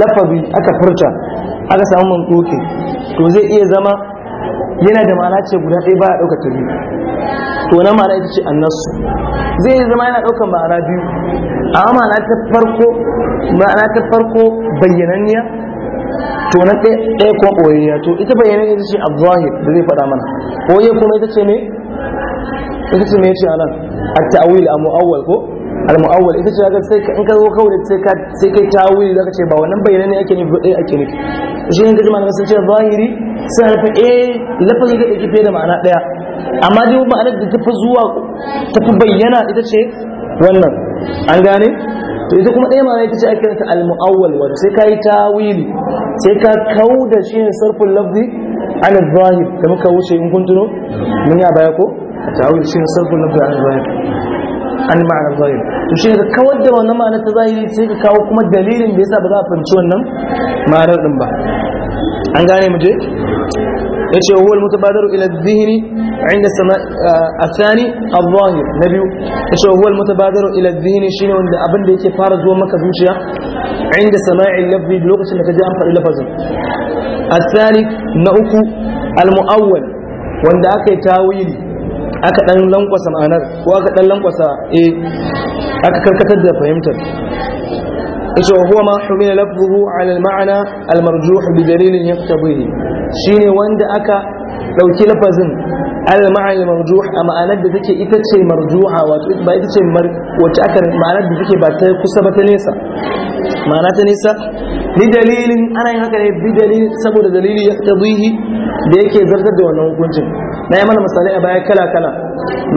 lafazi aka furta aka samu manduke to zai iya zama yana da ma'ana ce guda ɗaya ba ya dauka ta biyu to na ma'ana ita ce annasu zai zama yana ɗaukar ma'ana biyu amma ma'ana ta farko ma'ana ta farko bayyananniya to na ɗaya kuma ɓoyayya to ita bayyanan ita ce abuwahi da zai faɗa mana ɓoye kuma ita ce ne ita ce ne ya ce nan a ta'awil a muawwal ko al-mu'awwal ita ce ga sai in ka zo kawai sai ka sai kai ta'wil zaka ce ba wannan bayanan ne ake nufi ɗaya eh, ake nufi shi in ka ji sun ce zahiri sai harfa eh lafazin da yake fiye da ma'ana ɗaya amma dai ma'anar da tafi zuwa tafi bayyana ita ce wannan an gane to ita kuma ɗaya ma'ana ita ce ake kiranta al-mu'awwal wato sai ka yi tawili sai ka kau da shi ne sarfin lafzi an zahir Kamar muka wuce in kun tuno mun ya baya ko tawili shi ne sarfin lafzi an zahir an ma'ana zahir to shi ne ka kawar da wannan ma'anar ta zahiri sai ka kawo kuma dalilin da yasa ba za a fahimci wannan ma'anar din ba an gane mu je yace huwa al-mutabadiru ila zihiri dhihni 'inda eh, athani a dhahir na biyu Ya yace huwa al-mutabadiru ila zihiri shi ne wanda abinda yake fara zuwa maka zuciya 'inda in lafi lokacin da ji an faɗi lafazin tsani na uku al-mu'awwal wanda aka yi tawili aka dan lankwasa ma'anar ko aka dan lankwasa eh aka karkatar da fahimtar yace huwa ma humila lafzuhu ala al-ma'na al-marjuh bi dalilin yaqtadihi shine wanda aka dauki lafazin al-ma'na al-marjuh a ma'anar da take ita ce marjuha wato ba ita ce wacce aka ma'anar da take ba ta kusa ba ta nesa ma'ana ta nesa bi dalilin ana yin haka ne bi dalilin saboda dalili yaqtadihi da yake zartar da wannan hukuncin na yi mana misali a baya kala kala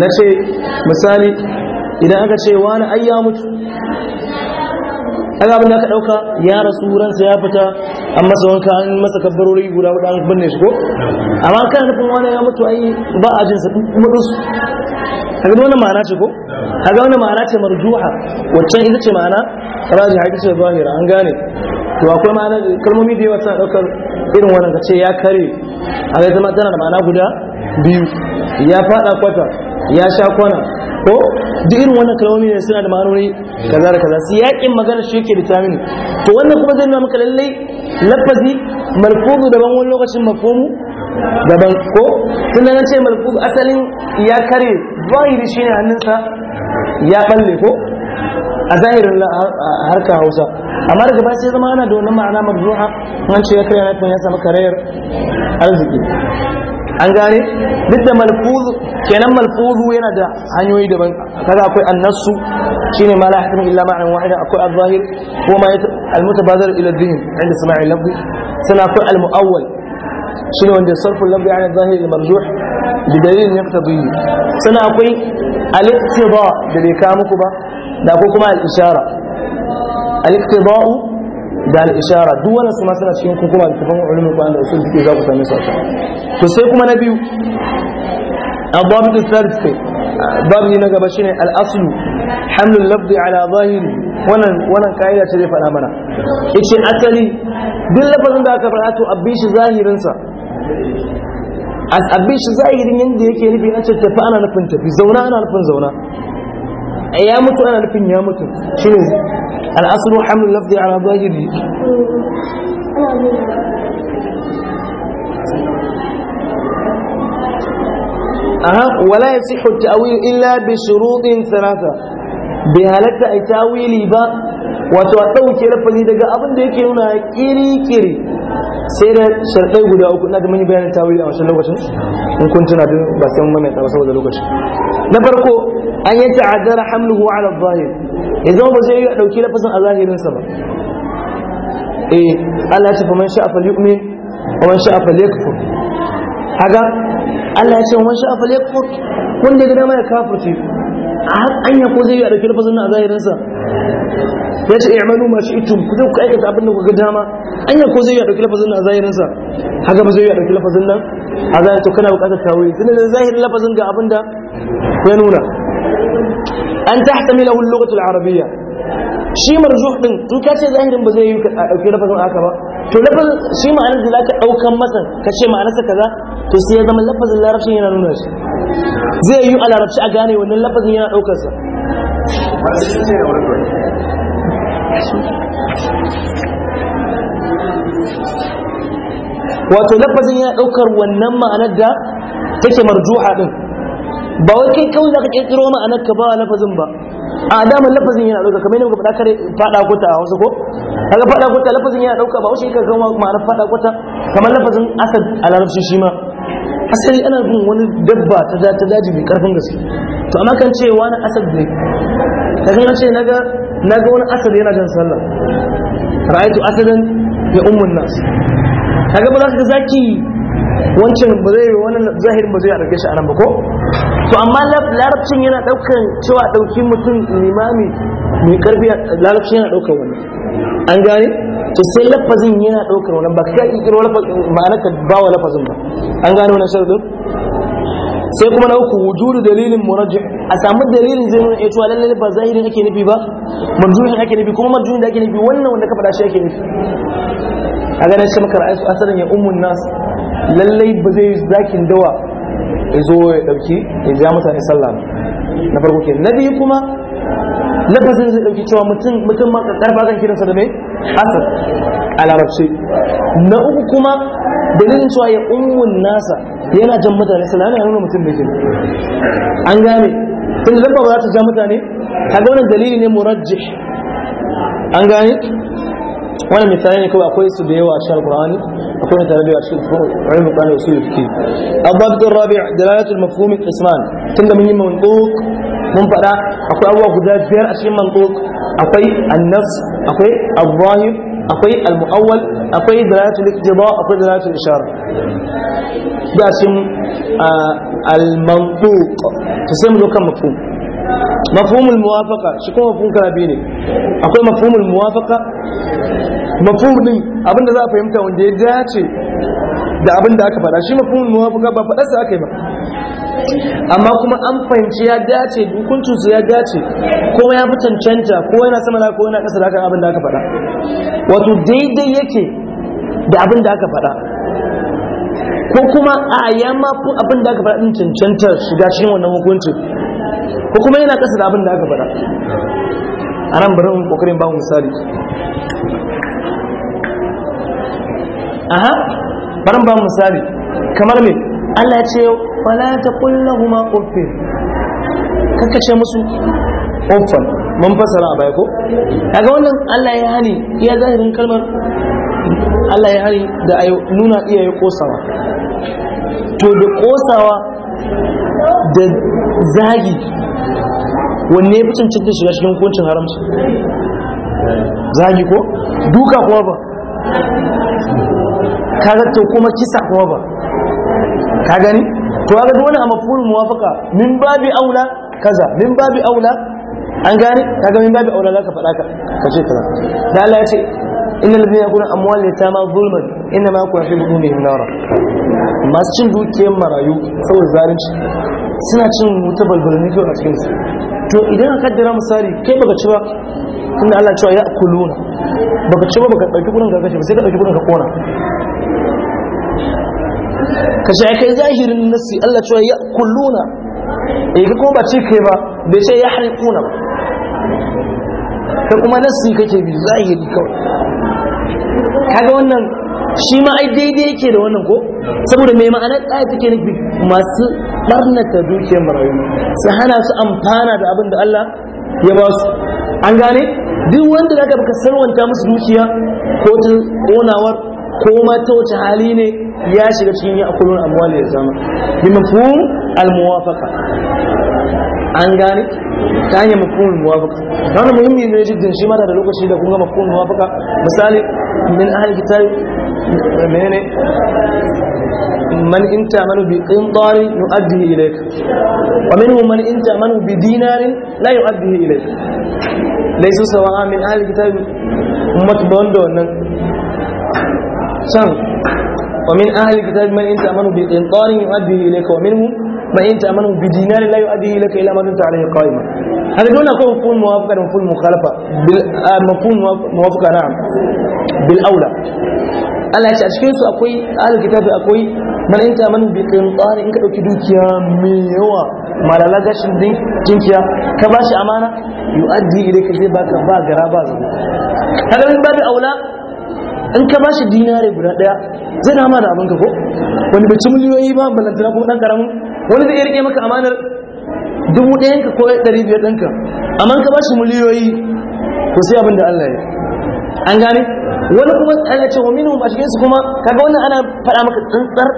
na ce misali idan aka ce wani ai ya mutu an abin da aka dauka ya rasu ransa ya fita an masa wanka an masa kabbarori guda guda an binne shi ko amma kan nufin wani ya mutu ai ba a sa kuma dusu kaga wannan ma'ana ce ko kaga wannan ma'ana ce marjuha wacce ita ce ma'ana raji ita ce zahira an gane to akwai ma'ana kalmomi da yawa suna daukar irin wannan kace ya kare a ga zama tana da ma'ana guda biyu ya fada kwata ya sha kwana ko duk irin wannan kalmomi ne suna da ma'anoni kaza da kaza su yakin magana shi yake determine to wannan kuma zai nuna maka lallai lafazi marfudu daban wani lokacin mafhumu daban ko tunda nan ce marfudu asalin ya kare zahiri shine hannunsa ya balle ko a zahirin harka hausa amma daga ba sai zama ana da wannan ma'ana marzuha an ya kare na ya samu karayar arziki an gane duk da malfuzu kenan malfuzu yana da hanyoyi daban kaga akwai annasu shine ma la yahtamu illa ma'an wahida akwai az-zahir ko ma al-mutabadar ila dhihn inda sama'i lafzi sana akwai al-mu'awwal shine wanda sarfu lafzi ala zahiri al-marjuh bi dalilin yaqtadi sana akwai al-iqtida da bai kawo ba da ko kuma al-ishara al-iqtida'u da al'ishara duk wannan su ma suna cikin kuma littafin ulumin kwanan da usul suke za ku sami sauka. to sai kuma na biyu abubuwan da su babu na gaba shi shine al'asulu hamlin labdi ala zahiri wannan wannan ka'ida ce zai faɗa mana ita ce asali duk lafazin da aka faɗa to abin shi zahirinsa as abin shi zahirin yadda yake nufi na tattafi ana nufin tafi zauna ana nufin zauna ya mutu ana nufin ya mutu shine al'asru hamlul lafzi ala zahiri aha wala yasihu at-ta'wil illa bi shurutin thalatha bi halatta a tawili ba wato a dauke lafazi daga abin da yake nuna kiri sai da sharɗai guda uku na da mun yi bayanin tawili a wancan lokacin in kun tuna da ba sai mun mai saboda lokaci na farko an yi ta'addara hamluhu ala zahir ya zama ba zai yi dauki lafazin a zahirinsa sa ba eh Allah ya ce shi sha'a falyu'min kuma man sha'a falyakfur Haga Allah ya ce man sha'a falyakfur wanda ya mai dama A kafirce an ya ko zai yi dauki lafazin a zahirinsa, sa ya ce i'malu ma shi'tum ku ku aikata abin da kuka dama an ya ko zai yi dauki lafazin a zahirinsa. sa ba zai yi dauki lafazin nan a zahirin to kana bukatar tawaye tunda zahirin lafazin ga abin da ya nuna an tahtamilahu al-lughatu al-arabiyya shi marjuh din in ka ce zahirin ba zai yi ka dauki lafazin aka ba to lafazin shi ma'anar da zaka daukan masa ka ce ma'anarsa kaza to sai ya zama lafazin larabcin yana nuna shi zai yi a larabci a gane wannan lafazin yana daukar sa wato lafazin yana daukar wannan ma'anar da take marjuha din ba wai kai kawai zaka kirkiro ma'anar ka ba lafazin ba a mun lafazin yana dauka kamar yadda faɗa kare faɗa kwata a wasu ko kaga faɗa kwata lafazin yana dauka ba wasu ka ga ma'anar faɗa kwata kamar lafazin asad a larabci shi ma asali ana bin wani dabba ta ta daji mai karfin gaske to amma kan ce wani asad ne kaga an ce naga naga wani asad yana jan sallah ra'aytu asadan ya ummun nas kaga ba za ka zaki wancan ba zai wannan zahirin ba zai a ɗauke shi a nan ba ko to amma larabcin yana daukan cewa dauki mutum limami mai karfi larabcin yana daukan wani an gane to sai lafazin yana daukan wani ba ka kirkiro ma'ana ka ba wa lafazin ba an gane wani sharadin sai kuma na uku wujudu dalilin murajjih a samu dalilin zai nuna cewa eh, lallai ba zahirin ake nufi ba marjuhin ake nufi kuma marjuhin da ake nufi wannan wanda ka faɗa shi ake nufi a ganin shi makar asu ya ummun nas lallai ba zai zakin dawa ya zo ya dauki ya ja mutane sallah na farko ke na biyu kuma lafazin zai dauki cewa mutum mutum ma karfa kan kiransa da mai asar a larabci na uku kuma dalilin cewa ya umun nasa yana jan mutane sallah yana nuna mutum mai ke an gane tun da lafa ba za ta ja mutane kaga wannan dalili ne murajjih an gane wannan misali ne kawai akwai su da yawa a cikin alkur'ani akwai mutane da yawa a cikin ulumul qur'ani da usulul fiqh abad rabi' dalalatul mafhum isman tunda mun yi mantuq mun faɗa akwai abubuwa guda biyar a cikin mantuq akwai annas akwai al akwai al akwai dalalatul iqtida akwai dalalatul ishara da ah, cikin al-mantuq to sai mu zo kan mafhum mafhumul muwafaqa shi kuma mafhum kana biyu ne akwai mafhumul muwafaqa mafhum din abinda za a fahimta wanda ya dace da abinda aka faɗa shi mafhumul muwafaqa ba faɗa aka yi ba amma kuma an fahimci ya dace hukuncin su ya dace ko ya fi cancanta ko yana sama da ko yana ƙasa da haka abin da aka faɗa wato daidai yake da abin da aka faɗa ko kuma a ya ma abin da aka faɗa din cancantar shiga cikin wannan hukuncin ko kuma yana kasa da abin da aka faɗa a nan bari kokarin bawon misali aha bari bawon misali kamar me Allah ya ce wala ta kulla uffin kaka ce musu uffan mun fasara a baya ko daga wannan Allah ya hani iya zahirin kalmar Allah ya hari da a nuna iya ya kosawa to da kosawa da zagi wanne ya cin cikin shiga cikin hukuncin haramsu zagi ko duka kuma ba kaga to kuma kisa kuma ba ka gani to kaga duk wani a mafhumul muwafaka min babi aula kaza min babi aula an gane kaga min babi aula ka faɗa ka ka ce kaza da Allah ya ce innal ladina yakuna amwal yatama zulman inna ma kuwa fi butunihim nara masu cin dukiyar marayu saboda zalunci suna cin wuta balbalin a cikin su to idan aka dira misali kai baka ci ba tunda Allah cewa ya kuluna baka ci ba baka dauki kudin ka kashe ba sai ka dauki kudin ka kona ka sha kai zahirin nasi Allah cewa ya kuluna eh ka kuma ba ci kai ba bai ce ya harikuna ba ka kuma nasi kake bi zahiri kawai kaga wannan shi ma ai daidai yake da wannan ko saboda mai ma'anar ɗaya take nufi masu barnata dukiyar marayu su hana su amfana da abin da Allah ya ba su an gane duk wanda zaka baka sarwanta musu dukiya ko ta konawar ko ma ta wace hali ne ya shiga cikin ya akulun amwal ya zama bi mafhum al muwafaqa an gane ta hanyar mafhum al muwafaqa wannan muhimmi ne jiddin shi mata da lokaci da kun ga mafhum muwafaqa misali min ahli kitab من انت امنوا بقنطار نؤديه اليك ومنهم من انت امنوا بدينار لا يؤديه اليك ليسوا سواء من اهل الكتاب امه بوندون سان ومن اهل الكتاب من انت امنوا بقنطار يؤديه اليك ومنهم من انت امنوا بدينار لا يؤديه اليك الا ما دمت عليه قائما هذا دون اكون مفهوم موافقا ومفهوم مخالفه آه، مفهوم موافقه نعم بالاولى Allah ya ce a cikin su akwai ahlul kitabi akwai man anta man bi qintar in ka dauki dukiya me yawa malala gashin din kinkiya ka bashi amana yu'addi ilayka zai baka ba gara ba zai kaga min babu aula in ka bashi dinare guda daya zai na ma da abinka ko wani bacci miliyoyi ba balantana ko dan karamin wani zai rike maka amanar dubu ɗayanka ko ɗari biyar ɗinka amma ka bashi miliyoyi ko sai abin da Allah ya yi. an gane wani kuma ana ce wa minu a cikin su kuma kaga wannan ana faɗa maka tsantsar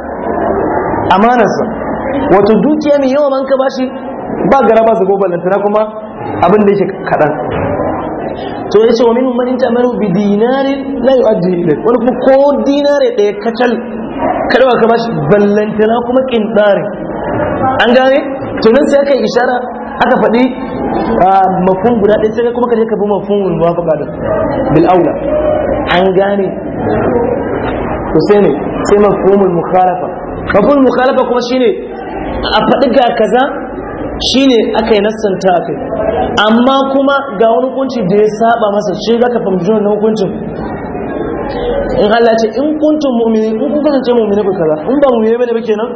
amanarsa wato dukiya mai yawa man ka bashi ba gara ba su zago lantana kuma abin da yake kaɗan to ya ce wa minu man tamaru bi dinari la ajiye ne wani kuma ko dinare ɗaya kacal kada ka bashi ballantana kuma tsari an gane to nan sai aka yi ishara. aka faɗi mafun guda ɗaya sai kuma ka je ka bi mafhumul ba da bil aula an gane to sai ne sai mafhumul mukhalafa mafhumul mukhalafa kuma shine a faɗi ga kaza shine aka yi nassanta kai amma kuma ga wani hukunci da ya saba masa shi zaka fahimci wannan hukuncin in Allah ce in kuntum mu'minin in kun kasance mu'minin ku kaza in ba mu'mini bane ba kenan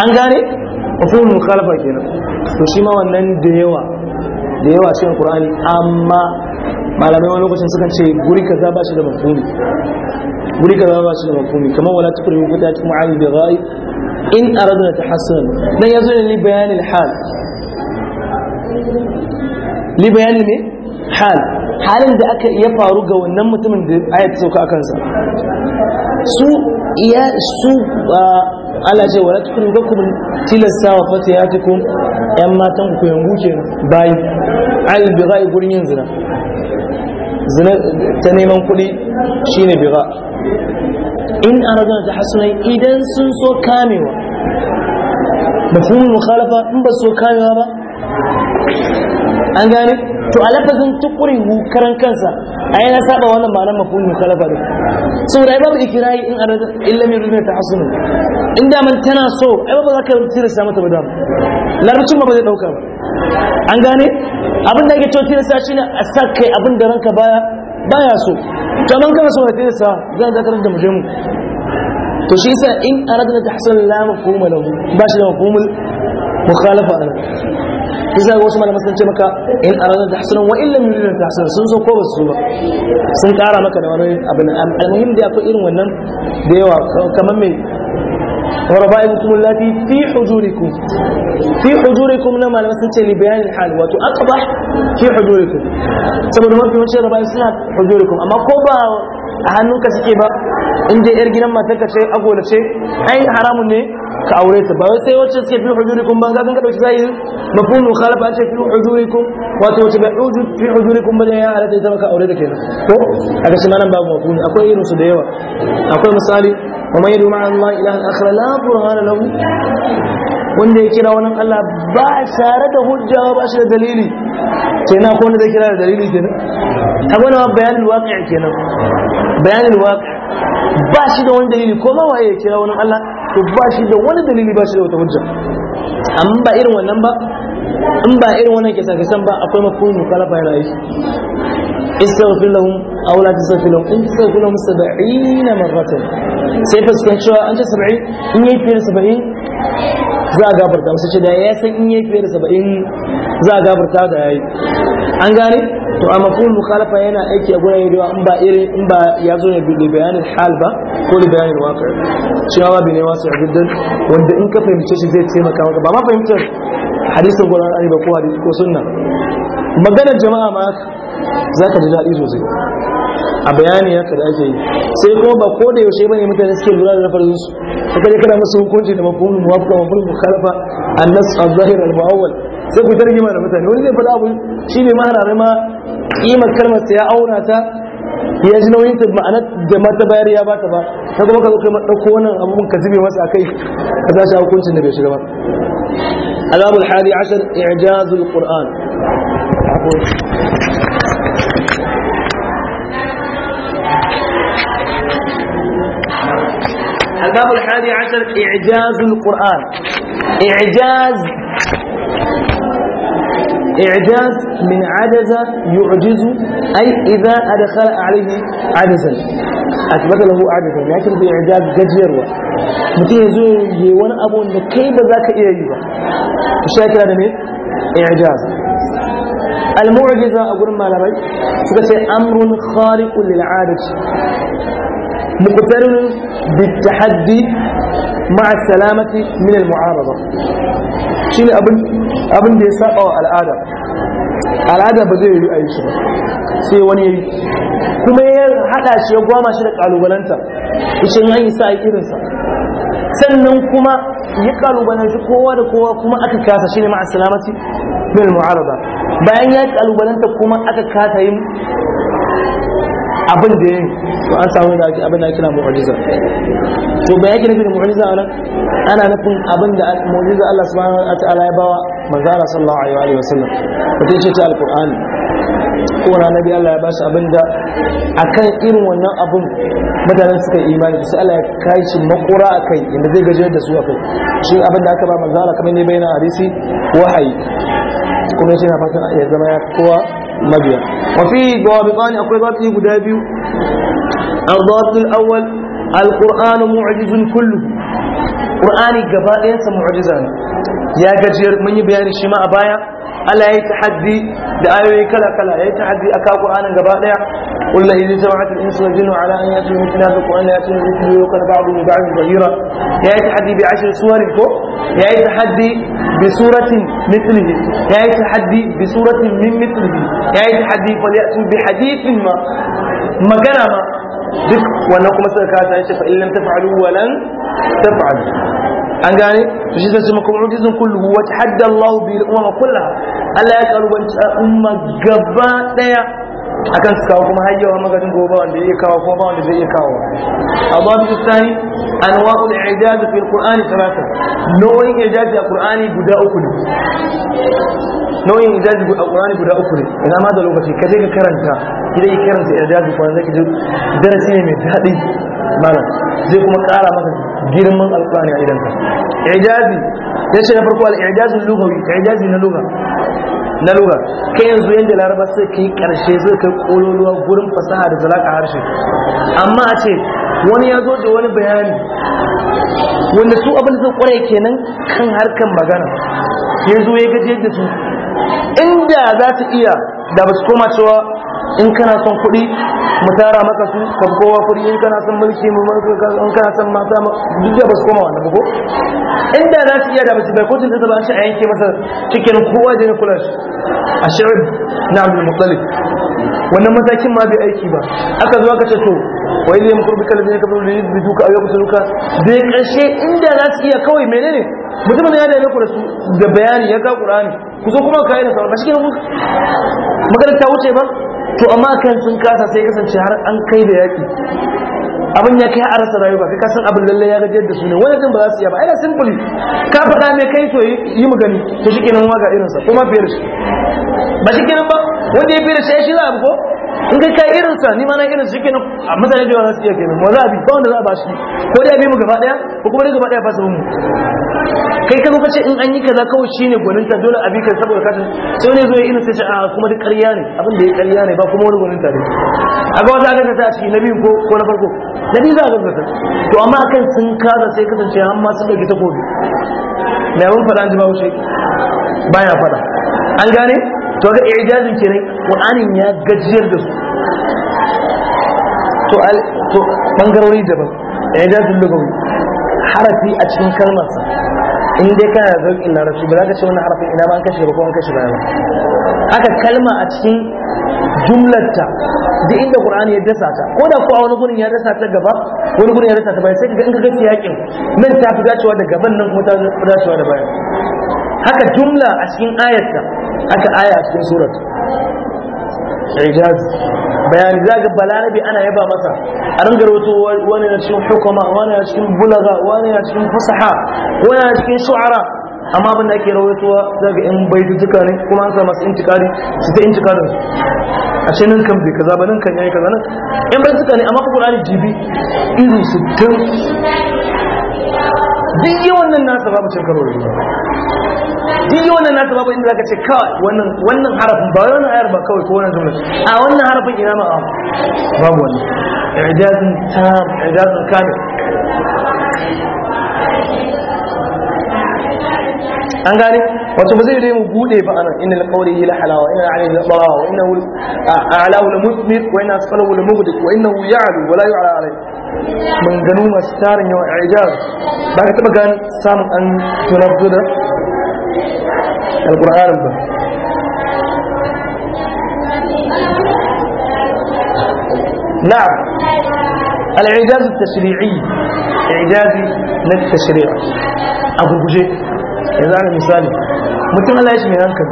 an gane mafhumul mukhalafa kenan to shi ma wannan da yawa da yawa cikin qur'ani amma malamai wani lokacin suka ce guri kaza ba shi da mafhumi guri kaza ba shi da mafhumi kamar wala tukrimu qudatu mu'ani bi ghaib in aradna tahassan dan yazo ne li bayan al-hal li bayan ne hal halin da aka ya faru ga wannan mutumin da ayat sauka kansa su iya su ah, Allah ce wa latukun ga kuma tilasta wa fata ya tukun yan matan ku yangu ke bayi albirai gurin yin zina zina ta neman kuɗi shine bira in araduna ta hasunai idan sun so kamewa mafhumul mukhalafa in ba so kamewa ba an gane to a lafazin tukurihu karan kansa a yana saba wannan ma'anar mafhum mukhalafa ne saboda ai babu ikirahi in arada illa min ta tahassun in da man tana so ai babu zaka tirsa mata ba larabcin ba zai dauka ba an gane abin da ake cewa tirsa shine a sa kai abin da ranka baya baya so to man kana so tirsa za zan karar da mu. to shi yasa in arada tahassun la mafhum lahu ba shi da mafhumul mukhalafa yasa wasu malamai sun ce maka in arada da hasanan wa illa min da hasan sun zo ko ba ba sun kara maka da wani abin almuhim da akwai irin wannan da yawa kamar mai وربائبكم التي في حجوركم في حجوركم نما لما سنتي لبيان الحال وتؤقبح في حجوركم سبب ما في وجه ربائب سنة amma أما كوبا a hannunka suke ba in dai yar gidan ka ce agola ce ai haramun ne ka aure ta ba wai sai wacce suke fi hujurikum ban ga kan ka dauki zai mafhum mukhalafa ce fi hujurikum wato wacce bai hujur fi hujurikum ba ya halatta ita ka aure ta kenan to a ga shi ma nan babu mafhumi akwai irin su da yawa akwai misali wa man yadu ma'a Allah ilahan akhra la burhana lahu wanda ya kira wani Allah ba tare da hujja ba shi da dalili kenan na kone zai kira da dalili kenan ta gwada ma bayanin waƙi nan? bayanin waƙi ba shi da wani dalili ko ma waye ya kira wani Allah to ba shi da wani dalili ba shi da wata hujja amma ba irin wannan ba in ba irin wannan kesa kisan ba akwai makonin mukalafa ya rayu استغفر لهم أو لا sab'ina marratan Sai تستغفر لهم cewa an ta سكنشوا in سبعين إن يفير سبعين za a gafarta masa ce da ya san in yi fiye da saba'in za a gafarta da yayi an gane to a mafhumul mukhalafa yana aiki a gurin da in ba irin in ba ya zo ne bi bayanin hal ba ko da bayanin waqi cewa bi ne wasu jiddan wanda in ka fahimce shi zai taimaka maka ba ma fahimce hadisin gurin ba ko hadisi ko sunna maganar jama'a ma zaka ji daɗi sosai a bayani haka da ake yi sai kuma ba ko da yaushe bane mutane suke lura da lafazin su haka dai kana musu hukunci da mafhumul muwafaqa wa mafhumul mukhalafa annas az-zahir al-muawwal sai ku tarjima da mutane wani zai faɗa abu shine ma harare ma kimar kalmar ta ya auna ta ya ji nauyin ta ma'anar da mata bayar ya bata ba ta kuma ka zo kai ɗauko wannan abubuwan ka zube masa akai ka a hukuncin da bai shiga ba alabul hadi ashar i'jazul qur'an الباب الحادي عشر إعجاز القرآن إعجاز إعجاز من عجز يعجز أي إذا أدخل عليه عجزا أثبت له عجزا لكن في إعجاز قد يروى متى يزول يوان أبو أن كيف ذاك إعجاز إيه الشاكل هذا مين إعجاز المعجزة أقول ما لبي سكت أمر خارق للعادة مقترن بالتحدي مع السلامة من المعارضة شين أبن أبن دي ساقا الآدم الآدم بزي أي شيء sai wani yayi kuma ya haɗa shi ya gwama shi da ƙalubalanta ishe yi sa'a sannan kuma ya ƙalubalanci kowa da kowa kuma aka kasa shi ne ma'a salamati min mu'arada bayan ya kalubalanta kuma aka kasa yin abin da yin to an samu da abin da kira mu'jiza to ba yake nufin da mu'jiza wala ana nufin abin da mu'jiza Allah subhanahu wa ta'ala ya bawa manzo Allah sallallahu alaihi wa sallam wato ce ta alqur'ani ko na nabi Allah ya ba shi abin da akan irin wannan abin mutanen suka imani sai Allah ya kai shi makura akai inda zai gajiyar da su akai shi abin da aka ba manzo Allah kamar ne bayyana hadisi wahayi kuma shi na fatan ya zama ya kowa mabiya wa fi akwai dawabiti guda biyu الضابط الأول القرآن معجز كله قرآن gaba ɗayansa mu'jiza ne ya gajiyar mun yi bayani shi ma a baya Allah ya yi tahaddi da ayoyi kala kala ya yi tahaddi akan Qur'anin gaba ɗaya قل لا إذا سمعت الإنس والجن على أن يأتوا مثل هذا القرآن لا يأتون مثله وكان بعضهم بعض ظهيرا يا تحدي بعشر صور ko. ya yi tahaddi bi suratin mithlihi ya yi tahaddi bi suratin min mithlihi ya yi tahaddi fa ya'tu bi hadithin ma magana ma duk wannan kuma suka kasa ya ce fa illam taf'alu wa lan taf'alu an gane to shi sai kuma kuma izin kullu wa tahadda Allah bi al-umma kullaha Allah ya karubanci umma gaba daya akan su kawo kuma hayyawa maganin gobe wanda zai kawo ko ba wanda zai iya kawo amma su tsani anwa'ul i'jaz fi alqur'ani thalatha nau'in i'jaz a qur'ani guda uku ne nau'in i'jaz a qur'ani guda uku ne ina ma da lokaci kaje ka karanta kidai karanta i'jaz ko zan ki darasi ne mai dadi malam zai kuma ƙara maka girman alqur'ani a idanka i'jazi yace na farko al-i'jaz al-lughawi i'jazi na lugha na lura kai yanzu yadda laraba sai ka yi karshe zai kai kololuwa gurin fasaha da zalaka harshe amma a ce wani ya zo da wani bayani wanda su abin zai kware kenan kan harkan magana yanzu ya gaje da su inda za su iya da ba su koma cewa in kana son kuɗi mu tara maka su ka fi kowa kuɗi in kana son mulki mu in kana son mata duk da ba su koma wannan ko inda za su iya da ba su bai kotun da ba shi a yanke masa cikin kowa da kula shi a shirin na abdul muttalib wannan matakin ma bai aiki ba aka zo aka ce to wai ne mu kurbi kalazin ka fara da duka a yau suka da ƙarshe inda za su iya kawai menene mutumin ya dame ku da su da bayani ya ga qur'ani ku zo kuma ka yi da sauran ba shi ke magana ta wuce ba to amma kan sun kasa sai kasance har an kai da yaki abin ya kai har rasa rayuwa kai kasan abin lalle ya gajiyar da su ne wani jin ba za su iya ba ina simply ka faɗa mai kai to yi mu gani to shi kenan waga irinsa kuma fiye da shi ba shi kenan ba wanda ya fiye da shi ya shi za a buko in kai kai irin sa ni ma na irin shi a mutane da yawa su iya kenan wa za a bi ba wanda za a ba shi ko dai a mu gaba daya ko kuma dai gaba daya su mu kai ka kuma ce in an yi kaza kawai shine gwaninta dole abin kai saboda katin sai ne zo ya irin sai ce a ah, kuma da ƙarya ne abin da ya ƙarya ne ba kuma wani gwaninta ne a ga wata aka ta a ciki na biyu ko ko na farko na biyu za a gaggata to amma akan sun kaza sai kasance har ma sun ta gobe mai abin faɗa an ji ba wuce baya faɗa an gane to ga ijazin kenan qur'anin ya gajiyar da su to al to bangarori daban ijazin lugawi harafi a cikin kalmar sa in dai kana da zaukin larabci ba za ka ce wannan harafin ina ba an kashe ba ko an kashe ba haka kalma a cikin jumlarta duk inda qur'ani ya dasa ta ko da ko a wani gurin ya dasa ta gaba wani gurin ya dasa ta baya sai ka ga ga yakin nan ta fi dacewa da gaban nan kuma ta fi dacewa da bayan haka jumla a cikin ayarta aka aya a cikin surat ijaz bayani zaga balarabi ana yaba masa a ringa rawato wani na cikin hukuma wani na cikin bulaga wani na cikin fasaha wani na cikin shu'ara amma abin da ake rawaitowa zaga in bai duka ne kuma an samu masu intikari su ta intikarin a ce nan kan bai kaza ba nan kan yayi kaza nan in bai duka ne amma kuma Qur'ani jibi izu tun duk yawan nan nasa babu cin karo da duk wannan naka babu inda zaka ce kawai wannan wannan harafin ba wannan harafin ba kawai ko wannan jumla a wannan harafin ina ma babu wannan i'jazun tam i'jazun kamil an gane wato ba zai dai mu bude ba anan inna alqawli la halawa inna alayhi la tara wa innahu a'lahu la musmit wa inna asfalahu la mughdiq wa innahu ya'lu wa la yu'la alayhi mun ganu masu tarin yawan ijaz ba ka taba gani samun an tunabbu da alƙur'anin ba na'am al-ijaz at-tashri'i ijazi na tashri'a a gurguje yanzu ana misali mutum Allah ya shi mai hankali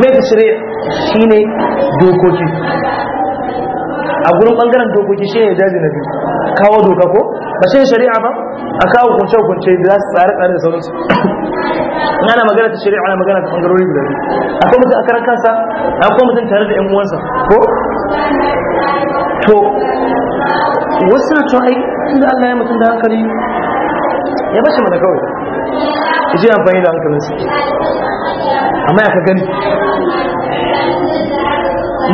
mai shi ne dokoki a gurin bangaren dokoki shi ne jazi na biyu kawo doka ko ba shi shari'a ba a kawo kunce-kunce da za su tsare-tsare da sauransu in ana magana ta shari'a ana magana ta bangarori guda akwai mutum a karan kansa akwai mutum tare da yan uwansa ko to wasu na cewa ai tunda Allah ya mutum da hankali ya bashi mana kawai ya amfani da hankalinsa amma ya ka gani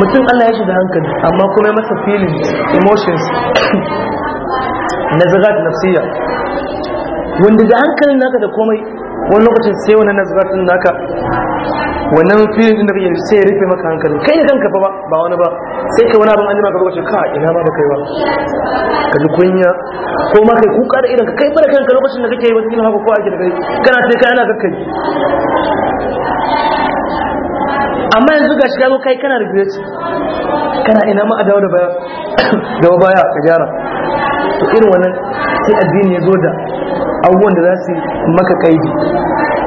mutum Allah ya shi da hankali amma kuma ya masa feelings emotions na zaga da nafsiya wanda da hankalin naka da komai wani lokacin sai wani nazaratin naka wannan filin da kake sai ya rufe maka hankali kai da kanka ba ba wani ba sai ka wani abin an jima ka lokacin ka ina ma ba kai ba ka ji kunya ko ma kai kuka da idan ka kai bada kanka lokacin da kake yi wasu haka ko ake da kai kana sai ka yana kakkai amma yanzu ga shi dawo kai kana rubuce kana ina ma a dawo da baya dawo baya ka gyara to irin wannan sai addini ya zo da abubuwan da za su maka kaidi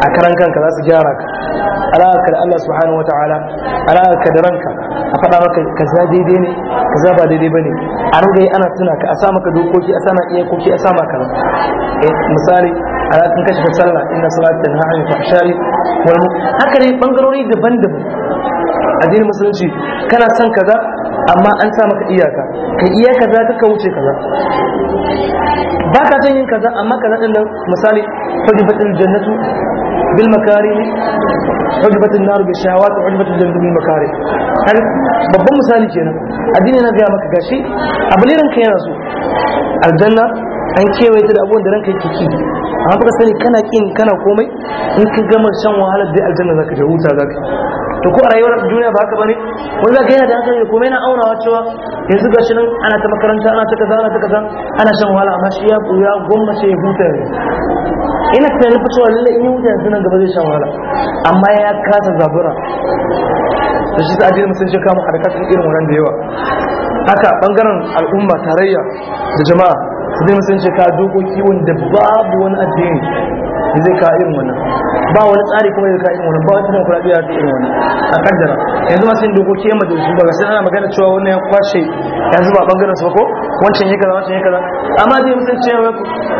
a karan kanka za su gyara ka alaƙa da Allah subhanahu wa ta'ala alaƙa da ranka a faɗa maka za daidai ne za ba daidai ba ne a ringa yi ana tuna ka a sa maka dokoki a sa maka iyakoki a sa maka eh, misali alaƙin kashe ka sallah inna salatu tanha anil shari wani haka ne bangarori daban-daban addinin musulunci kana son kaza amma an sa maka iyaka ka iyaka za ka wuce kaza ba ka jin yin kaza amma kaza din nan misali hujbatul jannatu bil makarimi hujbatul nar bi shahawat wa hujbatul jannatu bil makarim kaga babban misali kenan addini na gaya maka gashi abu ne ranka yana so aljanna an kewaye ta da abubuwan da ranka yake ki amma baka sani kana kin kana komai in ka gama shan wahalar da aljanna zaka je huta zaka to ko a rayuwar duniya ba haka bane wani zaka yana da hankali kuma yana aunawa cewa yanzu ga nan ana ta makaranta ana ta kaza ana ta kaza ana shan wahala amma shi ya ya gwammace ya huta ina ta fa cewa lallai in yi huta yanzu nan gaba zai shan wahala amma ya kasa zabura da shi sa addinin musulunci kama harkatun irin wannan da yawa haka bangaren al'umma tarayya da jama'a sai shi ka dokoki wanda babu wani addini zai kawo irin wannan ba wani tsari kuma zai kawo irin wannan ba wani tsarin kula biya ta irin wannan a kaddara yanzu masu yin dokoki yan majalisu ba ga sai ana magana cewa wannan ya kwashe yanzu ba bangaren ba, ko wancan ya kaza wancan ya kaza amma dai san cewa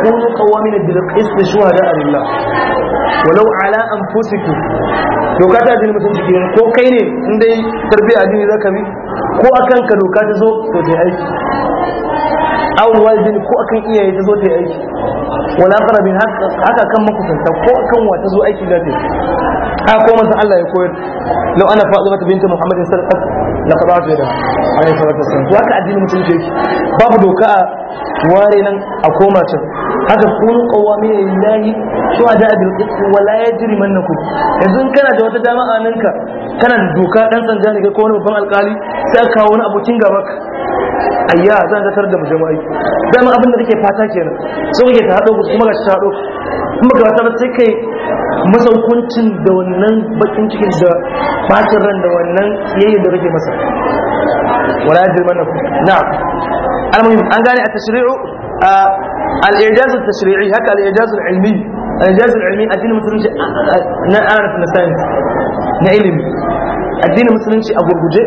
ku zo kawamin bil qist shuhada lillah walau ala anfusikum doka ta jini mutum cikin ko kai ne in dai tarbiya addini zaka bi ko akan ka doka ta zo to sai aiki awwal din ko akan iyaye ta zo ta aiki wala bin haka kan makusanta ko kan wata zo aiki za ta ha ko manzo Allah ya koyar lau ana mata binta muhammadin sallallahu alaihi wasallam laqad da alaihi salatu wasallam to haka addinin musulunci yake babu doka a ware nan a koma can haka kunu qawami lillahi shuhada bil qist wala yajrimannakum yanzu kana da wata jama'a nan ka kana da doka dan sanda ne ko wani babban alkali sai ka kawo wani abokin gaba ayya zan zakar da mujamai dama abin da kake fata kenan so kake ta hado kuma ga ta hado kuma ga ta sai kai masa hukuncin da wannan bakin cikin da bacin ran da wannan yayi da rage masa wala yajrimannakum na'am almuhim an gane a tashriu al-i'jaz al tashrii haka al-i'jaz al-ilmi al-i'jaz al-ilmi addinin musulunci na arafin na science na ilimi addinin musulunci a gurguje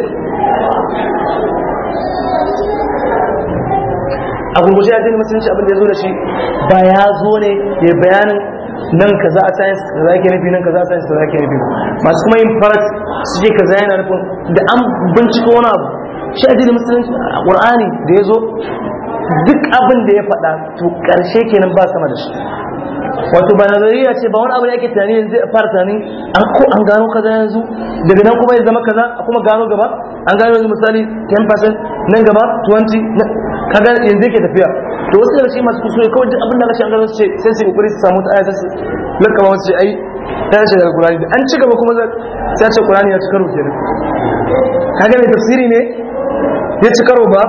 a gurguje addinin musulunci abin da ya zo da shi ba ya zo ne ya bayanin nan kaza a science kaza ke nufi nan kaza a science kaza ke nufi masu kuma yin farat su ce kaza yana nufin da an binciko wani abu shi addinin musulunci a qur'ani da ya zo duk abin da ya faɗa to ƙarshe kenan ba sama da shi wato ba nazariya ce ba wani abu da ake tunani yanzu a fara tunani an ko an gano kaza yanzu daga nan kuma ya zama kaza a kuma gano gaba an gano yanzu misali 10% nan gaba 20 kaga yanzu yake tafiya to wasu daga cikin masu kusuri kawai duk abin da aka shanga su ce sai su kokari su samu ta aya su lakama wasu ce ai ta yace daga Qur'ani an ci gaba kuma sai ce Qur'ani ya ci karo kenan kaga mai tafsiri ne ya ci karo ba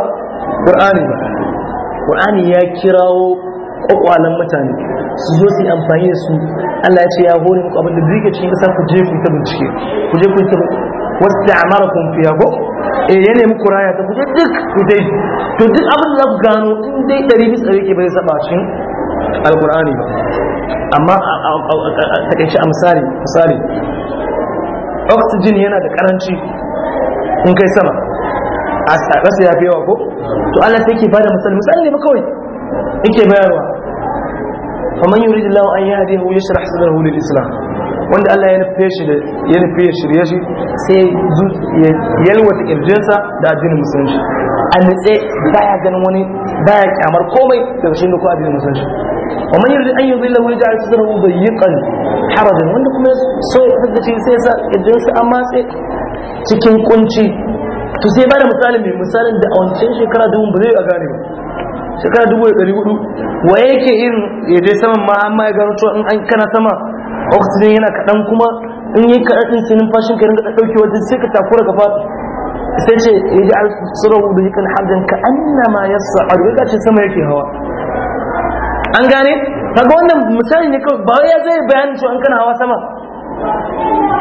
Qur'ani ba Qur'ani ya kirawo kwakwalan mutane su zo su yi amfani da su Allah ya ce ya hori muku abinda duk cikin kasar ku je ku ta bincike ku je ku ta wasu da amara kun fiya ko eh ya kuraya ta kuje duk kuje to duk abin da ku gano in dai ɗari bisa ɗari ke bai saba cikin alkur'ani ba amma a takaice a misali misali oxygen yana da karanci in kai sama a ƙasa ya fi yawa ko to Allah sai ke bada misali misali ne ba kawai yake bayarwa faman da lawan an yahdihi yashrah sadrahu lil islam wanda Allah ya nufe shi da ya nufe ya shirye shi sai ya yalwata kirjinsa da addinin musulunci a nutse baya ganin wani baya kyamar komai da shi ko addinin musulunci wa man yuridu an yudilla wa yaj'al yi dayyqan harajan wanda kuma so da shi sai sa kirjinsa a matse cikin kunci to sai ba da misalin mai misalin da a wancan shekara dubu ba zai a gane ba shekara dubu da ɗari hudu wa yake irin ya je saman ma amma ya gano cewa in an kana sama oxygen yana kaɗan kuma in yi kaɗan ɗin sinin fashin ka ringa ɗauke wajen sai ka takura gaba sai ce ya ji alsurahu yi kan hamdan ka ma ya a ya ce sama yake hawa an gane kaga wannan misali ne kawai ba ya zai bayanin cewa an kana hawa sama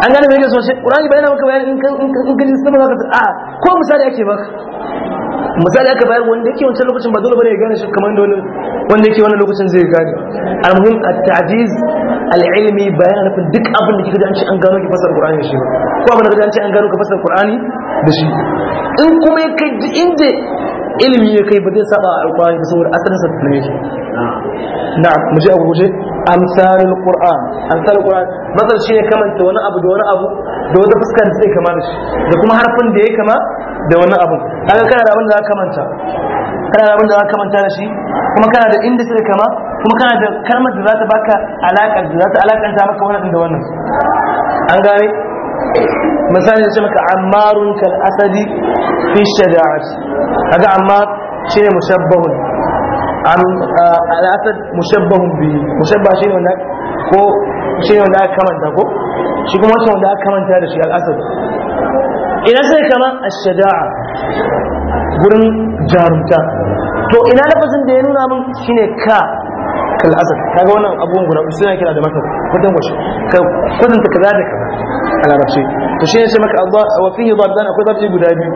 an gane mai so shi qur'ani bayana maka bayani in kan in kan sama ta a ko misali ake baka misali aka bayar wanda yake wancan lokacin ba dole bane ya gane shi kamar wanda wanda yake wannan lokacin zai gane almuhim at-ta'jiz al'ilmi ba na nufin duk abin da kika ji an ce an gano ki fasar qur'ani da shi ba ko abin da an ce an gano ka fasar qur'ani da shi in kuma ya kai inda ilimi ya kai ba zai saba alqur'ani ba saboda asalin sa ne shi na'am mu je abu guje amsalul qur'an amsalul qur'an masal shi ne kamanta wani abu da wani abu da wata fuskar da sai kama da shi da kuma harfin da ya kama da wani abu kaga kana da abin da za ka kamanta kana da abin da za ka kamanta da shi kuma kana da inda sai kama kuma kana da kalmar da za ta baka alaƙar da za ta alaƙanta maka wannan da wannan an gane misali sai maka ammarun kal asadi fi shada'at kaga Amma shine an al asad mushabbahun bi mushabba shine wannan ko shine wanda aka kamanta ko shi kuma shi wanda aka kamanta da shi al asad ina sai kama ash-shada'a gurin jarumta to ina lafazin da ya nuna min shine ka kal asad kaga wannan abubuwan guda suna kira da maka kwatan wasu ka kwatanta kaza da kaza a larabci to shi ne sai maka a wa fihi dabban akwai dabbi guda biyu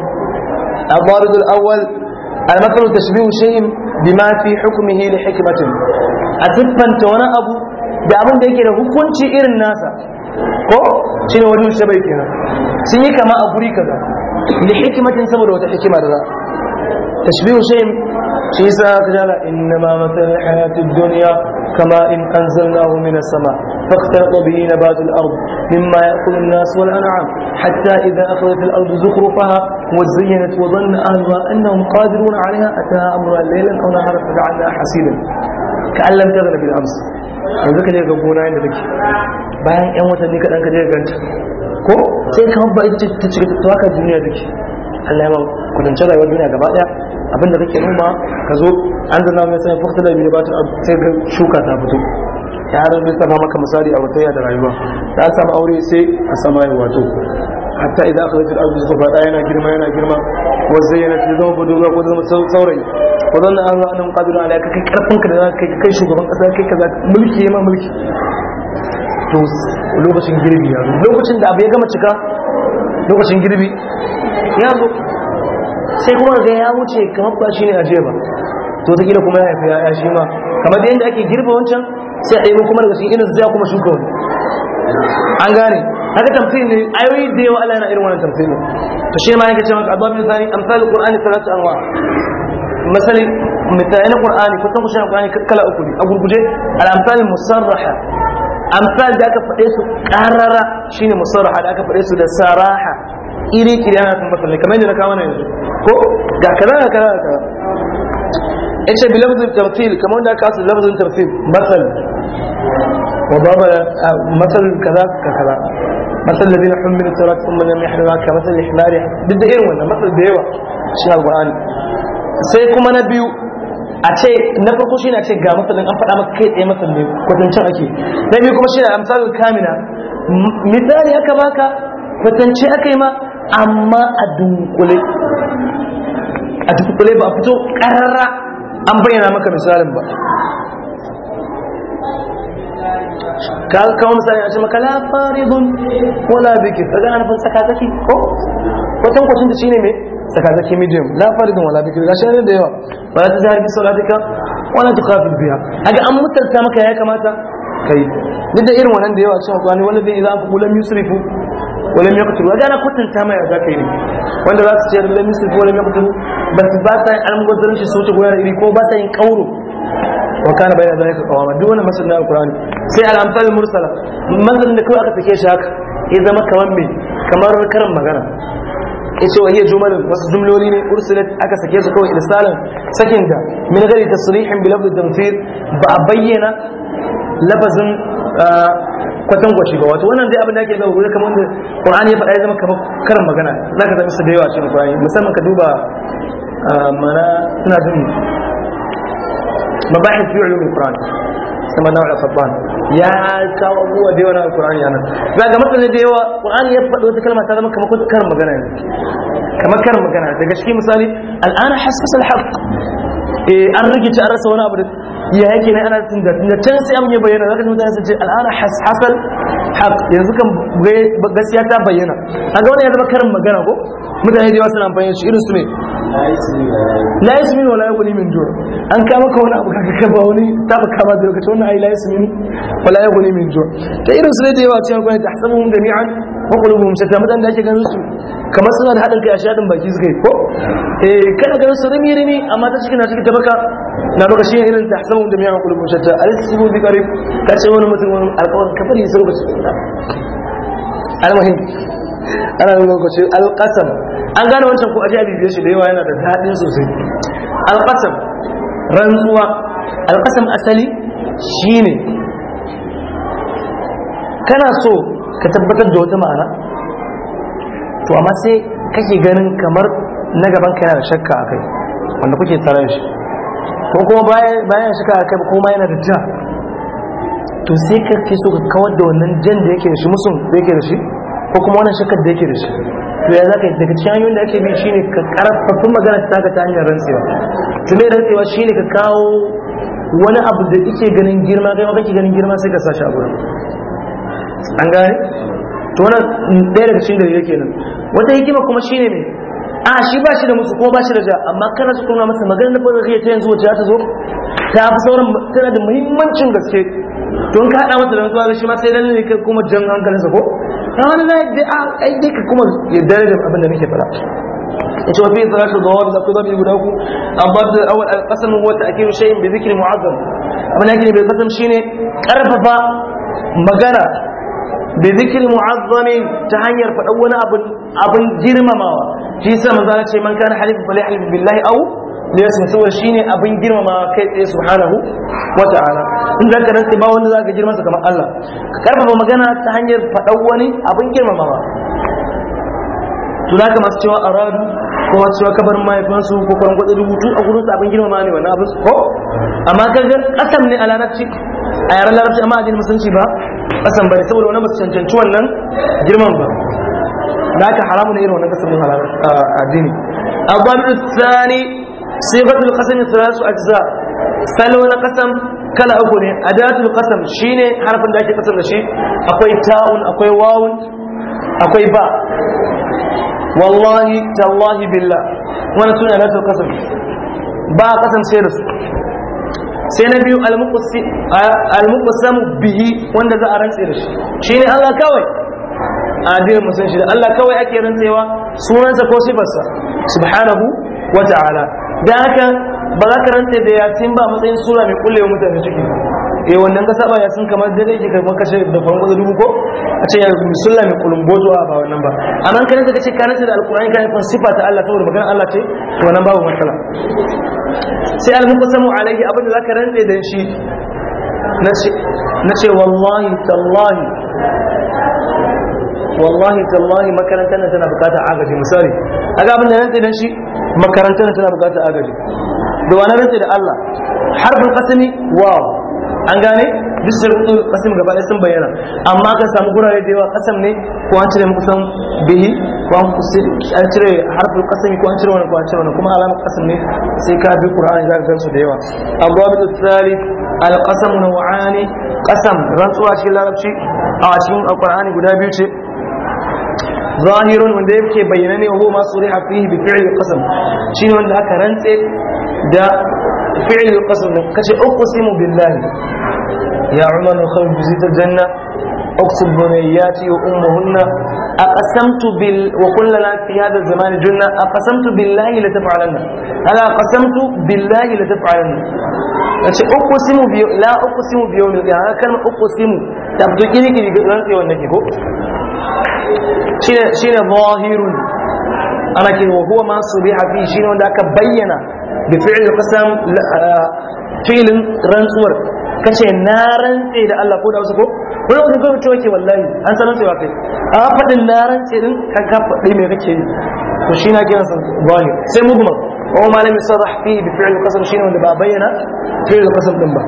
الضابط الأول المثل تشبيه شيء بما في حكمه لحكمة أتبا تونا أبو da abin da yake da hukunci irin nasa ko shine wajen shabai kenan sun yi kama a guri kaza da hikimatin saboda wata hikima da za تشبيه شيء شيء سأكجل إنما مثل الحياة الدنيا كما إن أنزلناه من السماء فاختلط به نبات الأرض مما يأكل الناس والأنعام حتى إذا أخذت الأرض زخرفها وزينت وظن أهلها أنهم قادرون عليها أتاها أمر الليل أو نهار فجعلنا حصيدا كأن لم تغنى بالأمس yanzu ka je ga gona inda take bayan yan watanni kaɗan ka je ga ganta ko sai ka babba ita ta cika ta waka duniya take Allah ya ma kudance rayuwar duniya gaba ɗaya abinda da kake noma ka zo an zana mai sai fukta da biyu ba ta sai ga shuka ta fito ya har mai sama maka misali a wata da rayuwa ta samu aure sai a sama yi wato hatta idan aka zai arzu su faɗa yana girma yana girma ko zai yana fi zama budurwa ko zama saurayi ko zan an ga annan kadiru ala kai karfin ka da za kai kai shugaban ƙasa kai kaza mulki ya ma mulki to lokacin girbi ya zo lokacin da abu ya gama cika lokacin girbi ya zo sai kuma ga ya wuce kamar ba shi ne aje ba to ta gida kuma ya haifi ya shi ma kamar da yadda ake girba wancan sai a ɗaya kuma daga cikin irin zai kuma shuka wani an gane haka tamsil ne ayoyi da yawa Allah yana irin wannan tamsil ne to shi ma yake cewa abba bin sani amsal qur'ani salatu anwa misali misalai na qur'ani ko tankushin qur'ani kala uku ne a gurguje al amsal musarraha amsal da aka faɗe su ƙarara shine musarraha da aka faɗe su da saraha iri kiri ana sun kamar yadda na kawo na yanzu ko ga kaza ga kaza ga kaza yace bi lafzin tartil kamar da aka asali lafzin tartil masal wa baba masal kaza ka kaza masal hummin tarat tawrat thumma mai yahmilu ka masal ihmari duk da irin wannan masal da yawa shi alqur'ani sai kuma na biyu a ce na farko shi na ce ga masalin an faɗa maka kai tsaye masal ne kwatancin ake na biyu kuma shi na amsalin kamina misali aka baka kwatance aka yi ma amma a dunkule a tukule ba a fito ƙarara an bayyana maka misalin ba ka kawo misali a ce maka lafari faridun wala biki daga na nufin tsakatsaki ko watan kwacin da shine mai tsakatsaki medium Lafari faridun wala biki ga ne da yawa wala ta zahar bi ka? Wani ta khafid biha kaga an musalta maka ya kamata kai duk da irin wannan da yawa cewa kwani wani zai idan ku lam yusrifu wala yaqtul wala na kwatanta mai ka yi ne wanda za su ce lam yusrifu wala yaqtul ba su ba sa yin almubazzaranci su wuce da iri ko ba sa yin kauro wa kana bayan zalika qawama duk wani na alkurani sai al mursala manzan da kawai aka sake shi haka ya zama kamar mai kamar karin magana ce wa iya jumalin wasu jumloli ne ursulat aka sake su kawai irsalan sakin da min gari tasrihin bi lafzi tanfir ba a bayyana lafazin ah, kwatan gwashi ba wato wannan dai abin da ake zama gure kamar da ƙwarani ya faɗa ya zama kamar karin magana ka zama su da yawa cikin ƙwarani musamman ka duba mana suna jin mabahis fi ulumul qur'an sama na al-qur'an ya kawo abubuwa da yawa na al-qur'an yana za ga mutane da yawa qur'an ya faɗo wata kalma ta zama kamar karin magana ne kamar karin magana daga cikin misali al'ana hasas al-haq eh an rikice an rasa wani abu da ya yake ne ana tun da can sai an ya bayyana zaka ji mutane su ce al'ana hasal haq yanzu kan gaskiya ta bayyana kaga wannan ya zama karin magana ko mutane da yawa suna amfani da shi irin su ne. la yasmin wala yughni min an ka maka wani abu kaga ka ba wani ta baka ma da lokacin wannan ai la yasmin wala yughni min ju' ta irin su da yawa cewa gwani tahsabuhum jami'an wa qulubuhum shatta da ganin su kamar suna da hadin kai a shadin baki suka yi ko eh kana ganin su rimi rimi amma ta cikin na cikin ta na baka shi irin tahsabuhum jami'an wa qulubuhum shatta alisibu bi qarib ka ce wani mutum wani alƙawarin sai ana lokacin an gane wancan ko aje a shi da yawa yana da daɗin sosai alƙasam rantsuwa alƙasam asali shine kana so ka tabbatar da wata ma'ana to amma sai kake ganin kamar na gaban ka yana da shakka a kai wanda kuke tsaron shi ko kuma bayan shakka a kai kuma yana da ja to sai ka fi so ka kawar da wannan jan da yake da shi musun da yake da shi ko kuma wannan shakar da yake da shi to ya zaka daga cikin hanyoyin da ake bi shine ka karfafa magana ta ka ta hanyar rantsewa to me rantsewa shine ka kawo wani abu da yake ganin girma kai ma kake ganin girma sai ka sashi a gurin an gane to wannan ɗaya daga cikin dalilai kenan wata hikima kuma shine me a shi ba shi da musu kuma ba shi da ja amma kana su kuma masa magana na ya ta yanzu wacce ta zo ta fi sauran tana da muhimmancin gaske to in ka hada masa da rantsuwa shi ma sai lalle ne kai kuma jan hankalinsa ko wani na yadda a aiki ka kuma yadda da abin da muke fara ya ce wafi zara ta da kuzo biyu guda uku amma da awal alƙasan wata ake yi shayin bai zikirin mu'azzam abin da ake bai kasam shine ƙarfafa magana da zikirin mu'azzamin ta hanyar faɗa wani abin girmamawa shi sa manzana ce man kana halifu fali halifu billahi au liyarsa shi shine abin girmama kai tsaye subhanahu wata'ala in zaka rantsa ba wanda zaka girma sa kamar Allah ka karfafa magana ta hanyar faɗan wani abin girmamawa to zaka masu cewa aradu ko masu cewa kabarin mahaifansu ko kwan gwada rubutu a gurin abin girmama ne wannan abin ko amma kaga kasan ne a larabci a yaran larabci amma addinin musulunci ba kasam bane saboda wani ba cancanci wannan girman ba da haka haramun irin wannan kasan ne addini abu tsani sifatul qasam thalath ajza salo na kasa kala uku ne adatul qasam shine harfin da ake kasar da shi akwai ta'un akwai wawun akwai ba wallahi tallahi billah wannan sune adatul qasam ba sai sai na biyu almuqassamu bihi wanda za a rantse da shi shine Allah kawai addinin musulunci da Allah kawai ake rantsewa sunansa ko sifarsa subhanahu wa ta'ala dan haka ba za ka rantsa da yasin ba matsayin sura mai kulle wa mutane ciki eh wannan ka saba yasin kamar da yake kamar kashe da farko da dubu ko a ce ya sura mai a ba wannan ba amma kan ka ce kana da alqur'ani kana fa sifa ta Allah saboda magana Allah ce to wannan babu matsala sai al-muqsamu alaihi abin da ka rantsa dan shi na ce wallahi tallahi wallahi tallahi makarantar nan tana bukatar agaji misali aga abin da rantsi dan shi makarantar nan tana bukatar agaji da wani rantsi da Allah harfin kasami wow an gane duk shirkul kasam gaba ɗaya sun bayyana amma ka samu gurare da yawa kasam ne ko an cire muku san bihi ko an cire harfin kasam ko an cire wannan ko an cire wannan? kuma alamar kasam ne sai ka bi qur'ani za ka su da yawa abwabu thalith al-qasam naw'ani qasam rantsuwa cikin larabci a cikin alqur'ani guda biyu ce zahirun wanda yake bayyana ne huwa masu riha fihi bi fi'il qasam shine wanda aka rantse da fi'il qasam kace uqsimu billahi ya umar khawl bi zita janna uqsim wa ummuhunna بال وقلنا لنا في هذا الزمان جنة أقسمت بالله لتفعلن la أقسمت بالله لتفعلن أقسم بي... لا أقسم بيوم القيامة كلمة أقسم تبدو كده كده ke والنكي Shi shine zahirun ana kin wa masu ma subiha shi ne wanda aka bayyana da fi'il qasam ah, fi'ilin rantsuwar kace na rantse da Allah ko da wasu ko wani wani gwamnati to yake wallahi an san rantsewa kai a faɗin na rantse din ka ka faɗi me kake yi to shi na kiran san zahir sai mugma wa ma lam yusarrah fihi bi fi'il shi ne wanda ba bayyana fi'il qasam din ba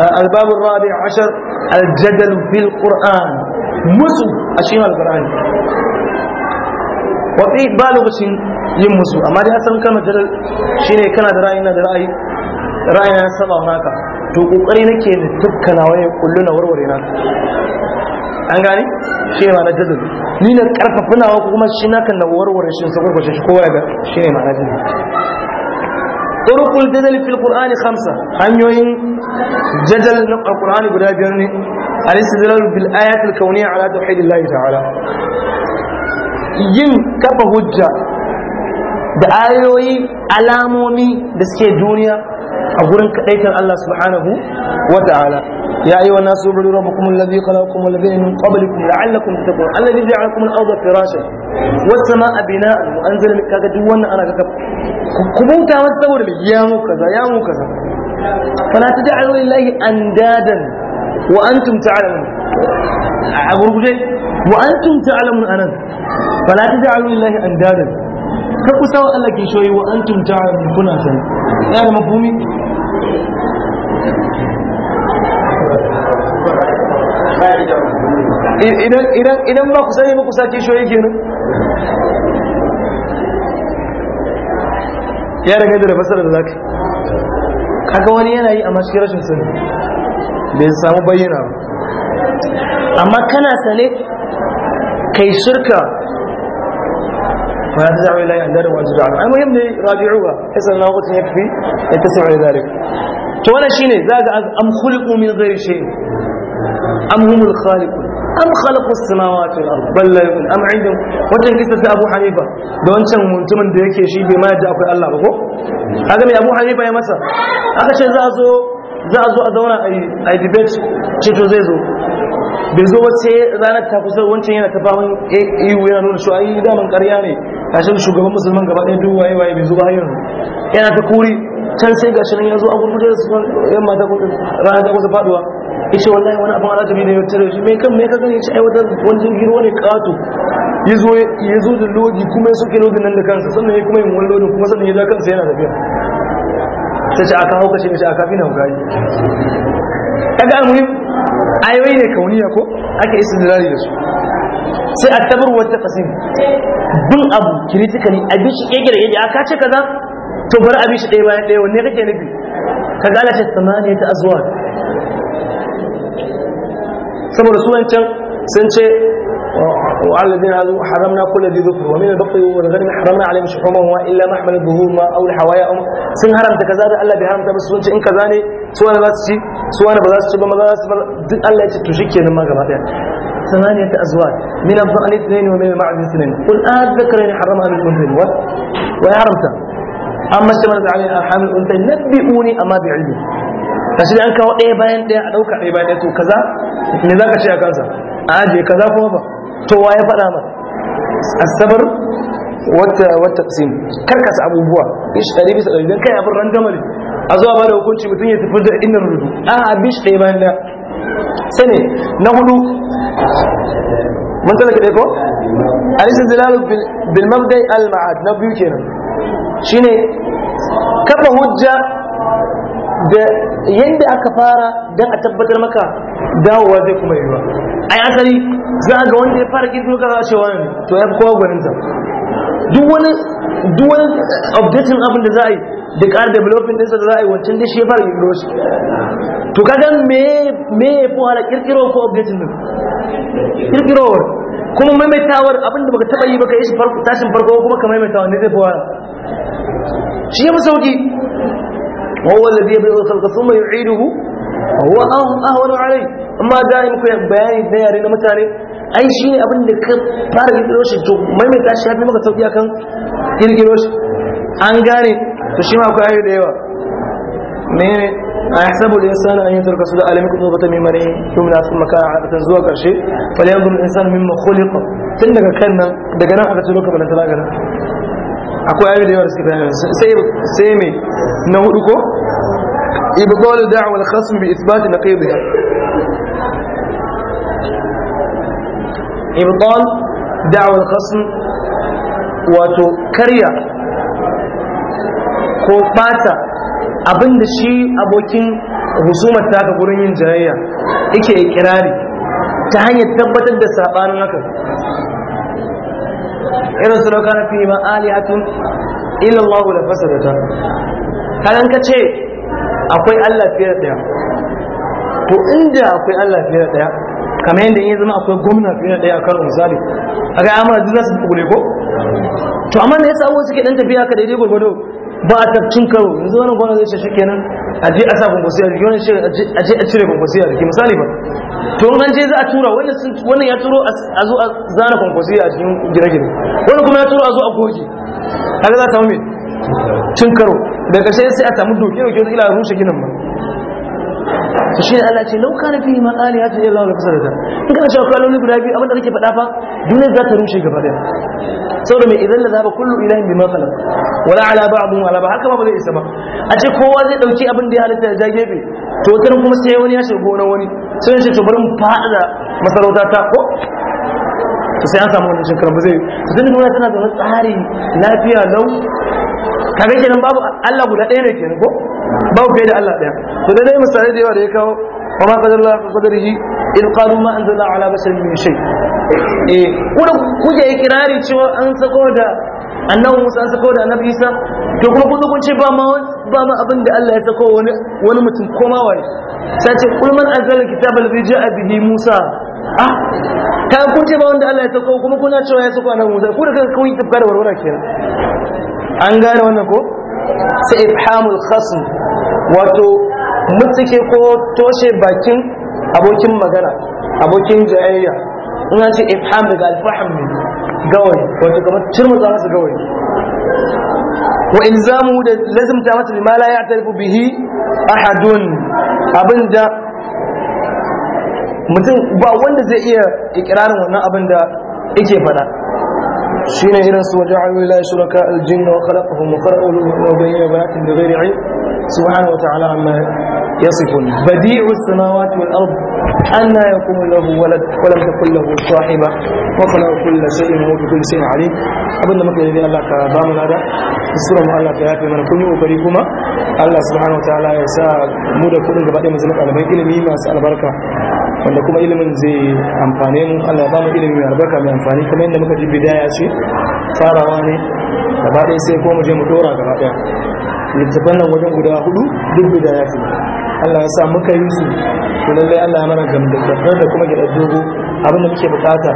الباب Rabi'a عشر الجدل في القرآن musu a shi cikin alkur'ani watsi ba lokacin yin musu amma dai asalin kana da ne kana da ra'ayi na da ra'ayi ra'ayi na saba naka to kokari nake da dukkan waye kullu na warware na an gani shi ne ma'anar jazal ni na karfafa nawa ko kuma shi na kan na warware shi saboda kwace shi kowa ga shi ne ma'anar jazal turukul jazal fil qur'ani khamsa hanyoyin jazal na qur'ani guda biyar ne al-istidlal bil ayati al-kawniyya ala tauhid Allah ta'ala yin kafa hujja da ayoyi alamomi da suke duniya a gurin kadaitar Allah subhanahu wa ta'ala ya ayyuha an-nasu ibudu rabbakum alladhi khalaqakum wal ladhina min qablikum la'allakum tattaqun alladhi ja'ala kuma al-ardha firashan ma samaa'a bina'an an anzala min kaga duk wannan ana kaga kubuta wasu saboda ya mu kaza ya mu kaza ta fala tad'u an dadan. وأنتم تعلمون أقول لك وأنتم تعلمون أنا فلا تجعلوا لله أندادا كيف سوى الله كي شوي وأنتم تعلمون كنا سنة هذا مفهومي idan idan idan ba ku sani ba ku sake shoye kenan ya daga da fasara da zaka kaga wani yana yi a mashi rashin sani bai samu bayyana ba amma kana sane kai shirka fa hada za'a ila an dara wajda an amma Rabi'u raji'uha idan na gutun yafi ya da dalik to wannan shine ga am khuliqu min ghairi shay am humul khaliqun am khalaqu as-samawati wal bal la yakun am kisa ta Abu Hanifa da wancan mutumin da yake shi bai ma da akwai Allah ba ko kaga mai Abu Hanifa ya masa aka ce za a zo za a zo a zauna a debate ce to zai zo bai zo wace ranar ta kusa wancan yana ta faman eu e yana nuna cewa ai daman karya ne kashin shugaban musulman gaba ɗaya duk waye waye bai zo ba har yana ta kuri can sai ga shirin ya zo a gurguje da sunan yan mata ranar ta kusa faduwa ishe wallahi wani abin alajabi ne ya tare shi mai kan mai ka gani ya ci aiwatar wani jirgin wani kato ya zo da lodi kuma ya soke lodin nan da kansa sannan ya kuma yin wani lodin kuma sannan ya ja kansa yana tafiya ta ce aka haukace shi aka fi na hukari kaga almuhim ayoyi ne kauniya ko ake istidlali da su sai a tabar wata bin abu kiritikali abin shi kegere yadda aka ce kaza to bar abin shi ɗaya bayan ɗaya wanne kake nufi ka gane ce ne ta azuwa saboda su wancan sun ce وعلى الذين هادوا حرمنا كل ذي ذكر ومن البقر والغنم حرمنا عليهم شحومهما الا ما حمل الظهور او الحوايا او sun haramta kaza da Allah bai haramta ba sun in kaza ne su wani za su ci su ba za su ci ba maza za su ba ثمانية أزواج من الضأن اثنين ومن المعز اثنين قل أذكرني حرمها من وحرمتها أما اشتملت عليها أرحام الأنثيين نبئوني أما بعلمي kashi da an kawo ɗaya bayan ɗaya a ɗauka ɗaya bayan ɗaya to kaza me za ka ce a kansa a ajiye kaza kuma ba to wa ya faɗa ma asabar wata wata sin karkasa abubuwa ish ɗari bisa ɗari don kai abin randamar a zuwa ba da hukunci mutum ya tafi da innan rudu a abin shi ɗaya bayan da sai ne na hudu mun tsala ka ko alisin zilalu bil mabdai al ma'ad na biyu kenan shine kafa hujja da yadda aka fara don a tabbatar maka dawowa zai kuma A yi asali za a ga wanda ya fara kasa a cewa ne to ya fi kowa gwaninta duk wani updating abin da za a yi da ƙar developing ɗinsa da za a yi wancan da shi ya fara girgin shi to ka gan me ya fi wahala ƙirƙiro ko updating din Ƙirƙirowar kuma maimaitawar abin da baka taɓa yi baka yi tashin farko kuma ka maimaitawa ne zai fi wahala shi ya fi sauƙi. وهو الذي يبدأ الخلق ثم يعيده وهو أهون عليه amma da in ku bayani na yare na mutane ai shi abinda abin da ka fara kirkiro shi to maimaita shi hafi maka sauki akan kirkiro shi an gane to shi ma akwai ayu da yawa mene a yasabu da insan an yi tarkasu da alamin kudu bata mai mare yumna sun maka a zuwa karshe falyanzu insan mimma khuliqa tun daga kan daga nan aka ce lokacin da akwai ayoyi da yawa da suke bayanin sai sai me na hudu ko ibdalu da'wa al-khasm bi ithbat naqidha ibdal da'wa al-khasm wato karya ko bata abinda shi abokin husumar ta ga gurin yin jayayya yake ikirari ta hanyar tabbatar da sabanin haka irin su lauka na fiye ma'aliyatun ilin wahu da fasa da ta kanan ka ce akwai allah fiye da daya to inda akwai allah fiye da daya kamar yadda ya zama akwai gwamna fiye da daya a karin misali a ga amara duk za su duk ko to amma na yasa abuwa suke ɗan tafiya ka daidai gwargwado ba a tafcin karo yanzu wani gwana zai ce shi kenan a a sa bambusi a jiki wani ce a a cire bambusi a jiki misali ba to an je za a tura wannan ya turo a zo a zana bambusi a jikin gine-gine wani kuma ya turo a zo a goge haka za a samu mai cin karo daga ƙarshe sai a samu doke da wata ila a rushe ginin ba to shi ne Allah ce lauka na fi ma tsari hajji ila wani kusa da ta in kana cewa kaloli guda biyu abinda nake faɗa fa duniya za ta rushe gaba ɗaya saboda mai idan da zaba kullum ilahin bi ma wala ala wala ba haka ba zai isa ba a ce kowa zai dauki abin da ya halitta ya ja gefe to wata kuma sai wani ya shiga na wani sai ya ce to bari mu fada masarauta ta ko to sai an samu wannan shin ba zai to tun gwamnati tana da wani tsari lafiya lau kaga kenan babu Allah guda ɗaya ne kenan ko babu fiye da Allah ɗaya to dai misalai da yawa da ya kawo wa ma qadara Allah qadarihi in qalu ma anzala ala basharin min shay eh kuma kuke ikirari cewa an sako da annabi Musa sako da annabi Isa to kuma kun kun ce ba ma ba ma abin da Allah ya sako wani wani mutum ma wani sai ce kul man anzala kitab bi ja'a bihi Musa ah ta kun ce ba wanda Allah ya sako kuma kuna cewa ya sako annabi Musa ku da kanka kun yi tafkar warwara kenan an gane wannan ko sai ifhamul khasm wato mutuke ko toshe bakin abokin magana abokin jayayya ina ce ifham daga alfaham ne gawayi wato kamar turmuza masa gawayi wa in za ilzamu da lazimta masa bima la ya'tarifu bihi ahadun abinda mutum ba wanda zai iya ikirarin wannan abin da yake faɗa Shi shine irin su wajen ayoyi la shuraka aljinna wa khalaqahum wa khalaqahum wa bayyana bayatin da ghairi ilm subhanahu wa ta'ala amma يصفون بديع السماوات والأرض أنا يكون له ولد ولم تكن له صاحبة وخلق كل شيء وهو بكل شيء عليم أبدا ما كان يدين الله كبام هذا السورة الله كياتي من كل وبريكما Allah subhanahu wa ta'ala ya sa mu da kudin gaba ɗaya mu zama ɗaliban ilimi albarka wanda kuma ilimin zai amfane mu Allah ya ba mu ilimi mai albarka mai amfani kuma yadda muka ji bidaya ce farawa ne gaba ɗaya sai ko mu je mu dora gaba ɗaya littafan nan wajen guda hudu duk bidaya ce Allah ya sa muka yi su to lallai Allah ya mana gamdakatar da kuma gida dogo abin da muke bukata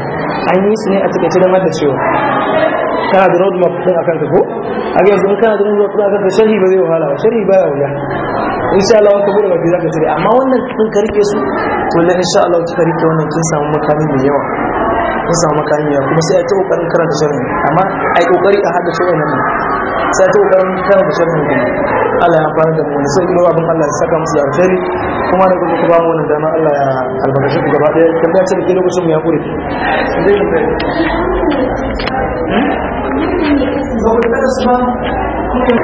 an yi su ne a cikin cikin hada cewa kana da road map din akan ka ko a yanzu in kana da road map din akan ka sharhi ba zai wahala ba sharhi baya wuya insha Allah ka bude mafi zaka tare amma wannan kin karke su to lalle insha Allah kika karke wannan kin samu makami mai yawa kin samu makami yawa kuma sai a ta kokarin karanta sharhi amma ai kokari a hada shi wannan sai ta kokarin kan da shirin da Allah ya amfani da mu ne sai kuma abin Allah ya saka musu da alheri kuma da kuma ba mu wannan dama Allah ya albarkace ku gaba daya kan dace da ke lokacin mu ya kure